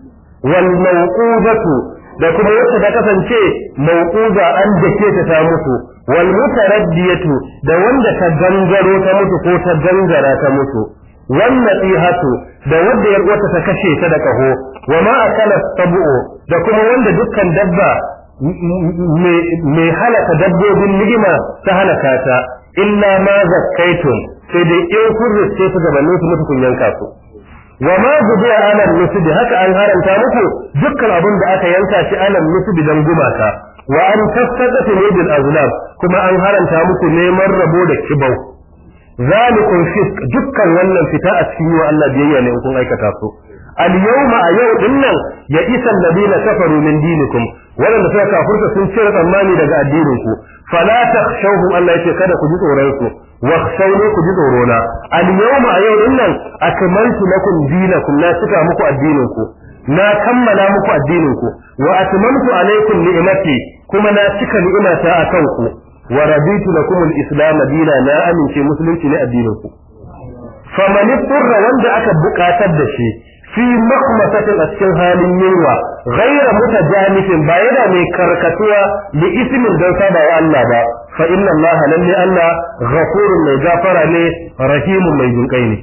wal mawqudatu da kuma wacce ta kasance mawquda an dake ta ta mutu wal mutaraddiyatu da wanda ta gangaro ta mutu ko ta gangara ta mutu wan nasihatu da wanda ya wata ta kashe ta da kaho wa ma akala tabu'u da kuma wanda dukkan dabba mai halaka dabbobin nigima ta halaka ta illa ma zakkaitun sai dai in kun rike su gabanin su mutu kun yanka su wa ma a alal musubi haka an haranta muku dukkan abin da aka yanka shi alal musubi dan gumaka wa an ne bil azlam kuma an haranta muku neman rabo da kibau zalikum fisk dukkan wannan fita a cikin wa Allah biyayya ne kun aikata su al yawma a yau dinnan ya isa alladina kafaru min dinikum wannan da suka kafurta sun cire tsammani daga addinin ku fala shauhu Allah yake kada ku ji tsoron su wa khshawni ku ji tsorona al yawma a yau dinnan akmaltu lakum dinakum na cika muku addinin ku na kammala muku addinin ku wa atmamtu alaykum ni'mati kuma na cika ni'imata akan ku wa raditu lakum al islam dina na amince musulunci ne addinin ku furra wanda aka bukatar da shi fi makmasatin a cikin halin yunwa ghaira mutajanifin ba yana mai karkatuwa da ismin don sada wa Allah ba fa inna Allah lalle Allah ghafurun mai gafara ne rahimun mai jinkai ne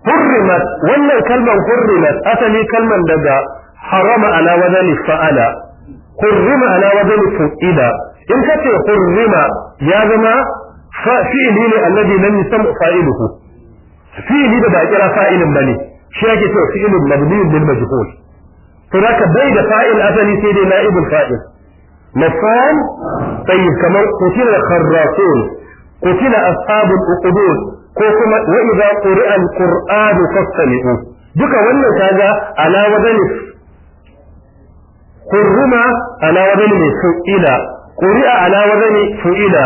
hurrimat wannan kalman hurrimat asali kalman daga harama ala wazani fa'ala hurrima ala wazani fu'ida, in kace hurrima ya zama fa'ili ne alladhi lam yusam fa'iluhu fi'ili da ba kira fa'ilin bane shi yake cewa fi'ilun mabniun lil majhul to haka bai da fa'il asali sai dai na'ibul fa'il mafhum tayyib kamar qutila kharrasun qutila ashabul uqud ko kuma wa idza quri'a al-qur'anu fastami'u duka wannan kaga ala wajen hurruma ala wajen ne fu'ila quri'a ala wajen fu'ila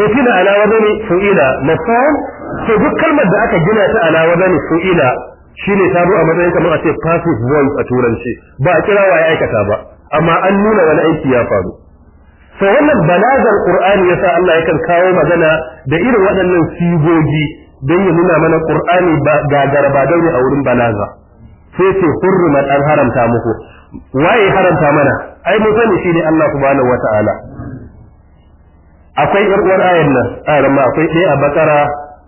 qutila ala wajen fu'ila mafhum to duk kalmar da aka gina ta ala wajen fu'ila shi ne ta a matsayin kamar a ce passive voice a turanci ba a kira wa ya aikata ba amma an nuna wani aiki ya faru Sai wannan balagar qur'ani sa Allah yakan kawo magana da irin waɗannan sigogi don ya nuna mana qur'ani ga garba ne a wurin balaga sai ce hurrimat an haramta muku waye haramta mana ai mu sani ne Allah subhanahu wataala akwai irwar ayar nan ayar ma akwai ɗaya a bakara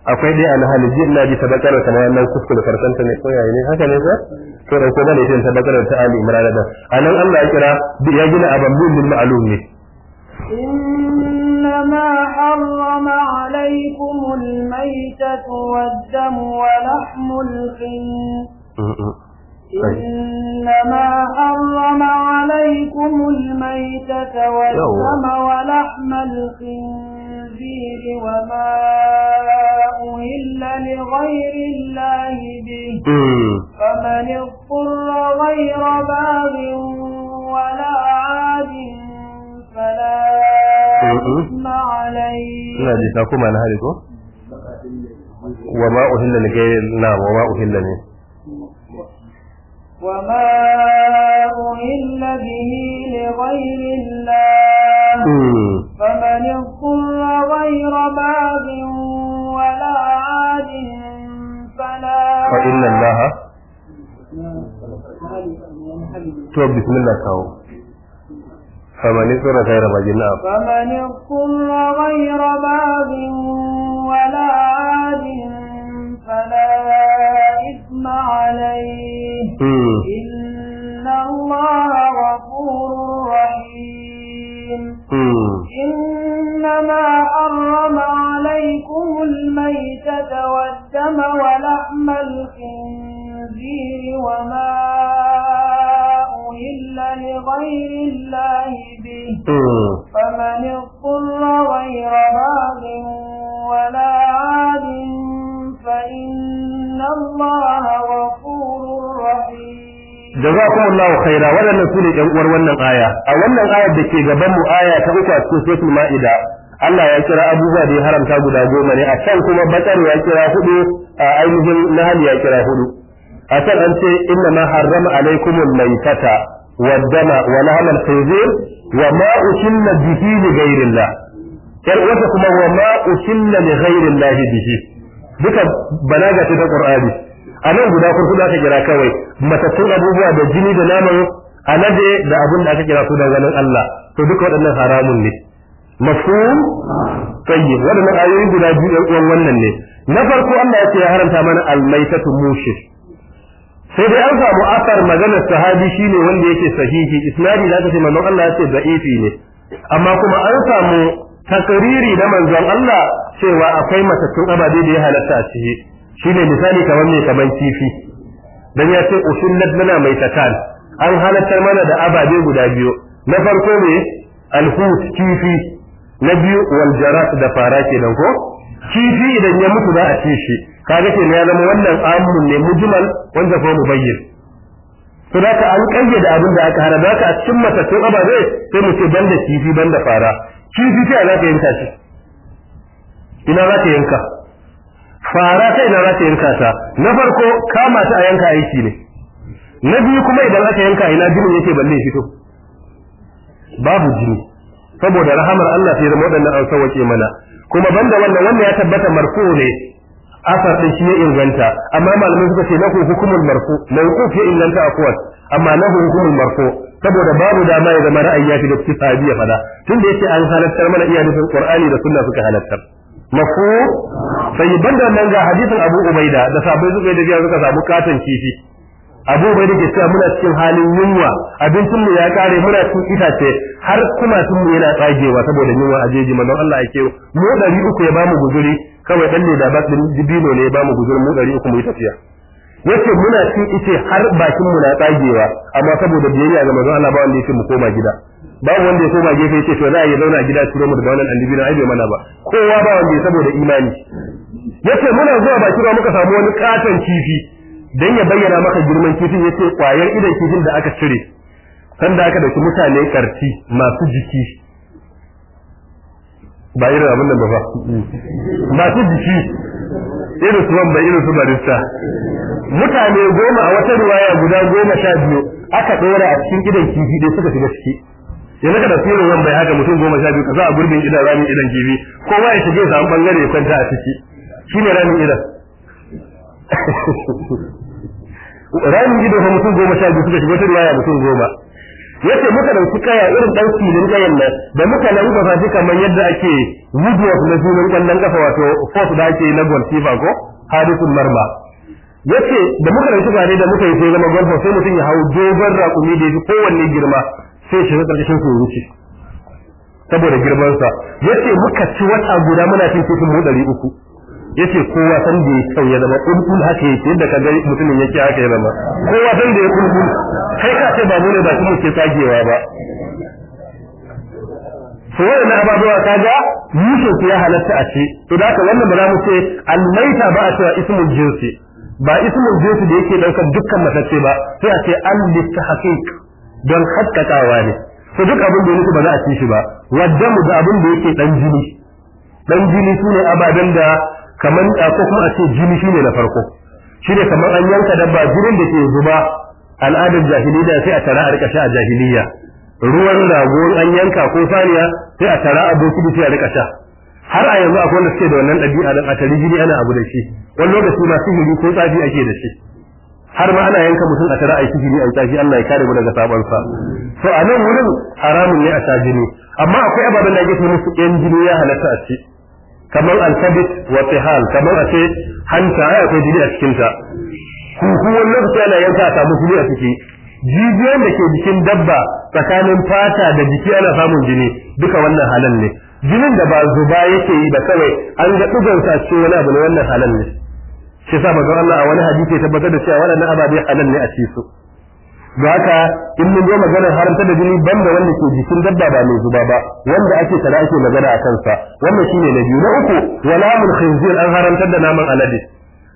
akwai dai alhali ji ina ji ta bakara ta nan kuskure ta ne koyaye ne haka ne ba to da kuma ne ta bakara ta ali imran da anan Allah ya kira ya gina ababun bil ma'lum ne إنما حرم عليكم الميتة والدم ولحم الخنزير إنما حرم عليكم الميتة والدم ولحم الخنزير فيه وما أهل لغير الله به فمن اضطر غير باغ ولا عاد فلا إثم عليه ina ji ta kuma na hari ko wa ma uhilla ne na'am wa ma uhilla ne وما أهل به لغير الله فمن اضطر غير باغ ولا عاد فلا فإن الله to bismillah kawo فمن اضطر غير باغ نعم فمن اضطر غير باغ ولا عاد فلا إثم عليه إن الله غفور رحيم إنما حرم عليكم الميتة والدم ولحم الخنزير وما أهل لغير الله به فمن اضطر غير باغ ولا عاد فإن الله غفور رحيم jazakum Allahu khaira wadannan sune ɗan uwar wannan aya a wannan ayar da ke gaban mu aya ta uku a cikin suratul maida Allah ya kira abubuwa da ya haramta guda goma ne a can kuma bakar ya kira huɗu. a ainihin nahl ya kira hudu a can an ce inna ma harrama alaikumul maitata waddama wa lahma al-khinzir wa ma ushilla bihi li ghayrillah yar wata kuma wa ma ushilla li ghayrillah bihi duka balaga ce ta qur'ani a nan guda kurkudu aka kira kawai matattun abubuwa da jini da naman alade da abin da aka kira su da ganin Allah to duka waɗannan haramun ne mafhum tayyib waɗannan ayoyi guda biyu ɗan wannan ne na farko Allah ya ce ya haramta mana almaitatu mushrik sai dai an samu asar maganar sahabi shine wanda yake sahihi isnadi da aka ce manzon Allah ya ce da'ifi ne amma kuma an samu tasiriri na manzon Allah cewa akwai matattun ababe da ya halatta a shine misali kamar mai kaman kifi dan ya ce usullat mana mai takal an halartar mana da ababe guda biyu na farko ne alhut kifi na biyu wal jarat da fara kenan ko kifi idan ya mutu za a ci shi kaga ke ya zama wannan amun ne mujmal wanda ko mubayyin to da ka an kayyade abin da aka hana ka a cikin matattun ababe sai mu ce banda kifi banda fara kifi sai za ta yanka shi ina za ta yanka fara ta ina za ta yanka ta na farko kama ta a yanka aiki ne na biyu kuma idan aka yanka ina jini yake balle fito babu jini saboda rahamar Allah sai zama waɗannan an sauke mana kuma banda wannan wannan ya tabbata marfu ne asar din shi ya inganta amma malamai suka ce lahu hukumul marfu mawquf ya inganta akwai amma na hukumul marfu saboda babu dama ya zama ra'ayi ya fi da sahabi fada tun da yake an halartar mana iya nufin qur'ani da sunna suka halartar mafu sai banda nan ga hadisin abu ubaida da sabai zuwa da ya suka samu katon kifi abu ubaida ke cewa muna cikin halin yunwa abincin mu ya kare muna cikin itace har kuma tun mu yana tsagewa saboda yunwa a jeji manzon Allah yake mu 300 ya bamu guzuri kawai dan ne da ba dibino ne ya bamu guzuri mu 300 mu tafiya yace muna ci ice har bakin mu na tsagewa amma saboda biyayya ga manzon Allah ba wanda yake mu koma gida babu wanda ya koma gefe yace to za a yi zauna gida turo mu da wannan annabi na ai bai mana ba kowa ba wanda saboda imani yace muna zuwa baki ba muka samu wani katon kifi dan ya bayyana maka girman kifin yace kwayar idan kifin da aka cire sanda aka dauki mutane karti masu jiki ba irin abin nan ba ba mm. masu jiki irin su wanda irin su barista mutane goma a wata ruwaya guda goma sha biyu aka ɗora a cikin gidan kifi dai suka shiga ciki naka ka tafi ruwan bai haka mutum goma sha biyu ka za a gurbin idan ramin idan kifi kowa ya shige samu bangare ya kwanta a ciki ne ramin idan ramin idan mutum goma sha biyu suka shiga wata ruwaya mutum goma yace muka dauki kaya irin dan filin kayan nan da muka da fa kamar yadda ake woodwork na filin kallon kafa wato force da ake na goalkeeper ko hadisul marma yace da muka dauki gare da muka yi sai zama golfa sai mutum ya hau dogon rakumi da yafi kowanne girma sai shi na karkashin su wuce saboda girmansa yace muka ci wata guda muna cin kifin mu ɗari uku yace kowa san da ya kyau ya zama kulkul haka yake yadda ka ga mutumin yake haka ya zama kowa san da ya kulkul kai ka ce ba mu ne ba shi ke tagewa ba to wannan ababuwa kaga musu su ya halatta a ce to da wannan ba za mu ce almaita ba a cewa ismul jinsi ba ismul jinsi da yake daukar dukkan matacce ba sai a ce an al litahqiq don hakkakawa ne sai duk abin da yake ba za a ci shi ba wadda mu da abin da yake dan jini dan jini sune ababen da kamar ko kuma a ce jini shine na farko shine kamar an yanka dabba jinin da ke zuba al'adar jahiliya sai a tara a rika sha a jahiliya ruwan rago an yanka ko saniya sai a tara a boki sai a rika sha har a yanzu akwai wanda suke da wannan ɗabi'a da a tari jini ana abu da shi wani lokaci ma sihiri ko tsafi ake da shi har ma ana yanka mutum a tara a yi jini a tsafi Allah ya kare mu daga sabansa to a nan wurin haramun ne a sha jini amma akwai ababen da ake musu yan jini ya halatta a ci kamar alfabet wa tihal kamar a ce hanta ya akwai jini a cikin ta kuku wani lokaci yana yanka a samu jini a ciki jijiyar da ke jikin dabba tsakanin fata da jiki ana samun jini duka wannan halal ne jinin da ba zuba yake yi ba kawai an ga dugan sa wani abu ne wannan halal ne shi sa Allah a wani hadisi ya tabbatar da cewa wannan ababe halal ne a cikin da haka in mun zo maganar haramta da jini banda wanda ke jikin dabba ba mai zuba ba wanda ake kada ake magana a kansa wannan shine na biyu na uku wala mun khinzir an haramtar da naman alade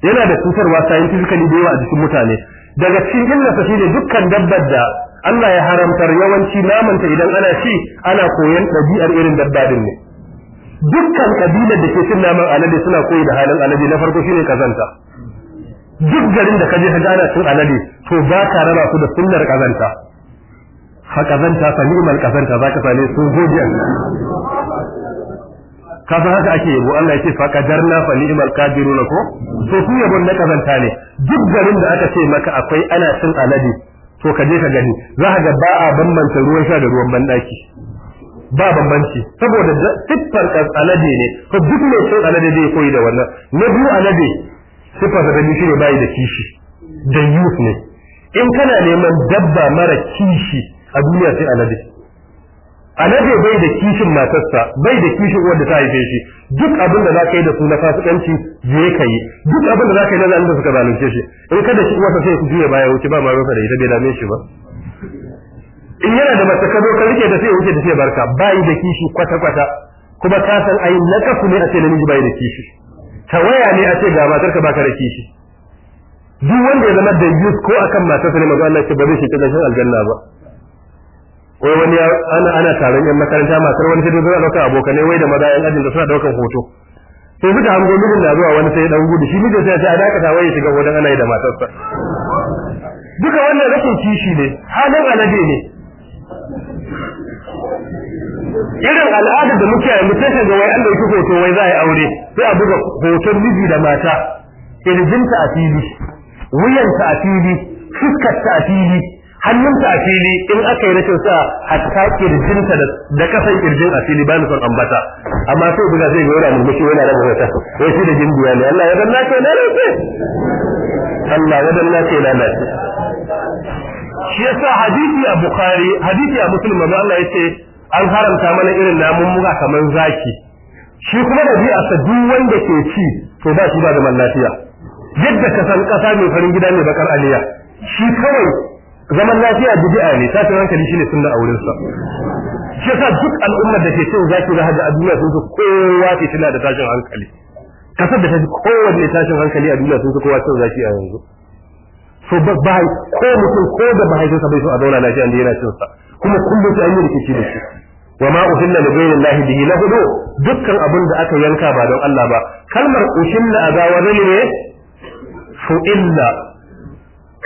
yana da cutarwa scientifically da yawa a jikin mutane daga cikin illarsa shine dukkan dabbar da Allah ya haramtar yawanci namanta idan ana ci ana koyan ɗabi'ar irin dabba din ne dukkan kabilar da ke cin naman alade suna koyi da halin alade na farko shine kazanta duk garin da kaje ka gana sun alade to ba ka raba su da sunnar kazanta ha kazanta fa ni'mal kazanta za ka sale su goji ka san haka ake yabo Allah yake fa kadarna fa ni'mal qadiruna ko to su yabon na kazanta ne duk garin da aka ce maka akwai ana sun alade to ka je ka gani za ka ga ba a bambanta ruwan sha da ruwan bandaki ba bambanci saboda siffar alade ne to duk mai sun alade zai koyi da wannan na biyu alade sifar da shi ne bayi da kishi da youth ne in kana neman dabba mara kishi a duniya sai alade alade bai da kishin matarsa bai da kishin wanda ta haife shi duk abin da za ka yi da su na fasikanci je ka yi duk abin da za ka yi na da suka zalunce shi in kada shi wasa sai ku juya baya wuce ba ma rufa da ita bai dame shi ba in yana da mace ka zo ka rike da sai wuce da sai barka bayi da kishi kwata kwata kuma ka san ai kasu ne a ce namiji bayi da kishi ta waya ne a ce ga matar ka baka da kishi duk wanda ya zama da yus ko akan matar sa ne maza Allah ce ba zai shi cikin aljanna ba ko wani ana ana taron yan makaranta matar wani sai zuwa dauka abokanai wai da maza yan ajin da suna daukan hoto sai suka hango mijin na zuwa wani sai dan gudu shi mijin sai ya ce a dakata wai ya shiga wajen ana yi da sa duka wannan rashin kishi ne halin alade ne irin al'ada da muke yi mutum ga wai Allah yake hoto wai za a yi aure sai a buga hoton miji da mata kirjinta a fili wuyanta a fili fuskarta a fili hannunta a fili in aka yi rashin sa hatta kirjinta da kafan kirjin a fili ba ni son ambata amma sai buga sai ga wani mutum yana da wata wai shi da jindiya ne Allah ya danna ce na lafiya Allah ya danna ce na lafiya shi yasa hadisi a bukhari hadisi a muslim manzo Allah yace an haramta mana irin namun muga kamar zaki shi kuma da bi'a sa duk wanda ke ci to ba shi ba da lafiya yadda ka san kasa mai farin gida ne bakar aliya shi kawai zaman lafiya bid'a ne ta tsaron kali shine sunna wurin sa shi yasa duk al'ummar da ke cin zaki za ga a duniya sun su kowa ke tana da tashin hankali kasar da ta kowanne tashin hankali a duniya sun su kowa cin zaki a yanzu so ba bai ko mutum ko da mahaifinsa bai so a zauna lafiya inda yana cin kuma kullum sai an yi rikici da shi wa ma uhilla li ghayri llahi bihi hudu dukkan abin da aka yanka ba don Allah ba kalmar uhilla a gawa ne fu'illa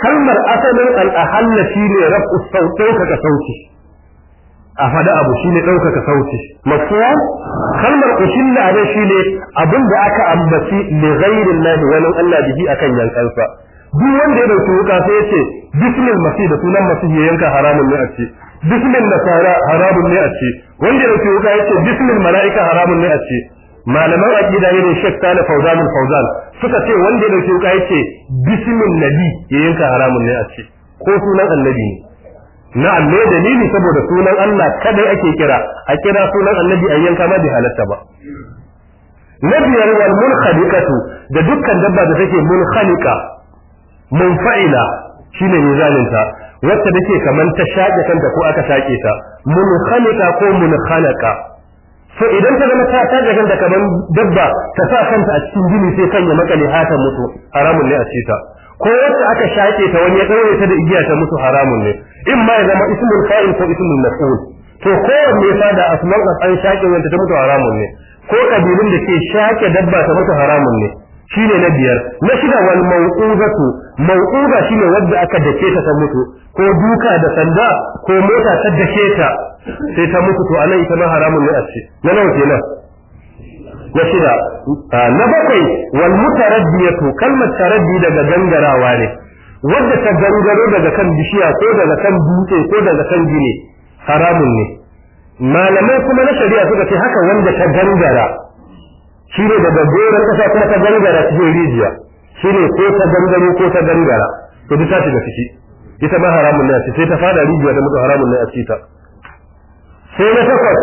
kalmar asalin al-ahalla ne rafu sautuka ka sauki a faɗi abu shi ne ɗaukaka sauti mafuwa kalmar uhilla a shi ne abin da aka ambaci li ghayri llahi wani Allah bihi akan yankansa duk wanda ya dauki wuka sai yace bismil masih da sunan masih ya yanka haramun ne a ce bismil nasara haramun ne a ce wanda ya dauki wuka ya ce bismil mala'ika haramun ne a ce malaman aqida ne Sheikh Salih Fawzan Fawzan suka ce wanda ya dauki wuka ya ce bismil nabi ya yanka haramun ne a ce ko sunan annabi ne na ne dalili saboda sunan Allah kadai ake kira a kira sunan annabi a yanka ma bi halatta ba na biyar wal munkhaliqatu da dukkan dabba da take munkhaliqa Mun fa'ila shine mizanin ta wacce take kaman ta shaƙe kanta ko aka shaƙe ta munkhaliqa ko munkhalaqa so idan ta zama ta shaƙe kanta kaman dabba ta sa kanta a cikin gini sai kan ya makale hata mutu haramun ne a ce ta ko wacce aka shaƙe ta wani ya ɗaure ta da igiya ta mutu haramun ne in ma ya zama ismul fa'il ko ismul mas'ul to kowanne ya da asman an shaƙe wanda ta mutu haramun ne ko kabilun da ke shaƙe dabba ta mutu haramun ne shine na biyar na shida wal mau'uzatu mau'uza shine wadda aka dace ta mutu ko duka da sanda ko mota ta dace ta sai ta mutu to anan ita haramun ne a ce na nawa kenan na shida ah, na bakwai wal mutaraddiyatu kalmar taraddi daga gangarawa ne wadda ta gangaro daga kan bishiya ko daga kan dutse ko daga kan gine haramun ne malamai kuma na shari'a suka ce haka wanda ta gangara shi ne daga goron ƙasa kuma ta gangara cikin rijiya shi ne ko ta gangaro ko ta gangara to duk ta shiga ciki ita ma haramun ne a sai ta fada rijiya ta mutu haramun ne a ciki ta sai na takwas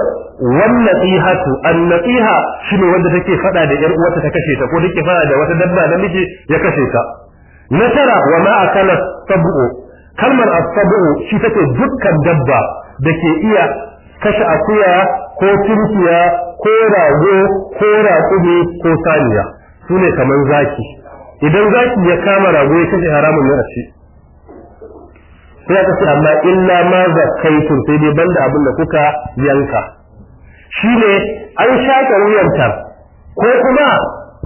wannan ihatu an nasiha shi ne wanda take fada da yar uwarta ta kashe ta ko take fada da wata dabba na miji ya kashe ta Nasara wa ma akala tabu kalmar asabu shi take dukkan dabba da ke iya kashe akuya ko turkiya, ko rago ko raƙuɗe ko saniya su ne kamar zaki idan zaki ya kama rago ya kashe haramun ne a ci sai aka ce amma illa ma zakaitun sai dai banda abin da kuka yanka shine an shaƙa wuyanta ko kuma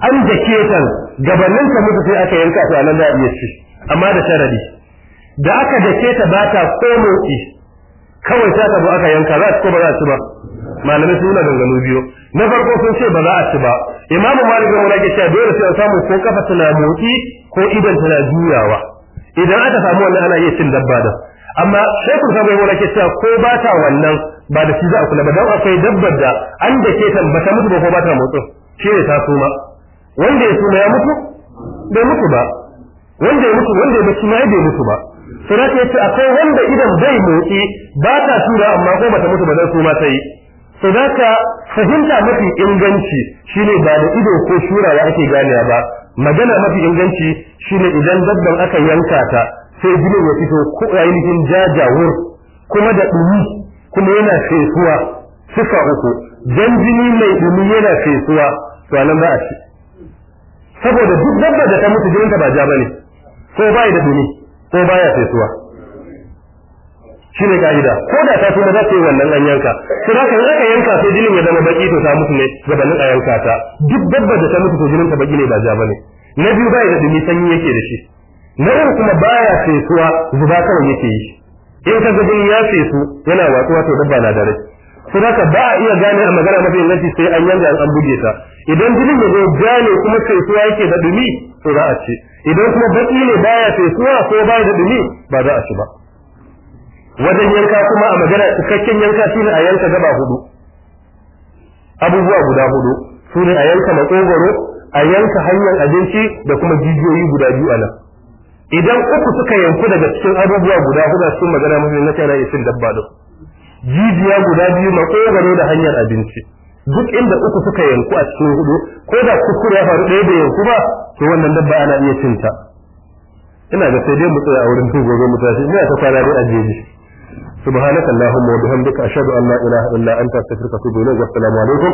an jake ta gabanin ta mutu sai aka yanka ta nan da iya amma da sharadi da aka jake ta ba ta ko motsi kawai ta tabo aka yanka za su ko ba za ba malamai sun dangano biyu na farko sun ce ba za a ci ba imamu malik wani ake cewa dole sai an samu ko kafa tana motsi ko idan tana juyawa idan aka samu wannan ana iya cin dabba da amma shekul sa bai ake cewa ko ba ta wannan ba da shi za a kula ba don akwai dabbar da an da ke tan ba ta mutu ba ko ba ta motsi shi ne ta suma wanda ya suma ya mutu bai mutu ba wanda ya mutu wanda ya mutu ma bai mutu ba sai ya ce akwai wanda idan bai motsi ba ta tura amma ko ba ta mutu ba zan suma ta yi to ka fahimta mafi inganci shine ba da ido ko shura ya ake ganewa ba magana mafi inganci shine idan dabban aka yanka ta sai jinin ya fito ko ainihin jajawur kuma da dumi kuma yana fesuwa suka uku dan jini mai dumi yana fesuwa to nan ba a ci saboda duk dabba da ta mutu ta ba ja bane ko bai da dumi ko baya fesuwa shi ne ka'ida ko da ta kuma za ta yi wannan an yanka su da ka aka yanka sai jinin ya zama baki to ta mutu ne gabanin a yanka ta duk dabbar da ta mutu to jinin ta baki ne ba ja bane na biyu ba da dumi sanyi yake da shi na uku kuma baya fesuwa zuba kawai yake yi in ka gajin ya fesu yana watsuwa to dabba na dare. su to ka ba a iya gane a magana mafi inganci sai an yanka an buge ta idan jinin ya zo gane kuma fesuwa yake da dumi to za a ci idan kuma baki ne baya fesuwa ko baya da dumi ba za a ci ba wajen yanka kuma a magana cikakken yanka ne a yanka gaba hudu abubuwa guda hudu su ne a yanka makogoro a yanka hanyar abinci da kuma jijiyoyi guda biyu a nan idan uku suka yanku daga cikin abubuwa guda hudu sun magana mafi na tana isin dabba da jijiya guda biyu makogoro da hanyar abinci duk inda uku suka yanku a cikin hudu ko da kuskure ya faru ɗaya da yanku ba to wannan dabba ana iya cinta ina ga sai dai mu a wurin tugoro mu tashi ina ta kwana dai a jeji سبحانك اللهم وبحمدك أشهد أن لا إله إلا أنت أستغفرك وأتوب إليك والسلام عليكم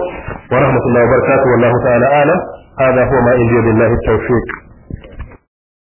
ورحمة الله وبركاته والله تعالى أعلم هذا هو ما إن بالله التوفيق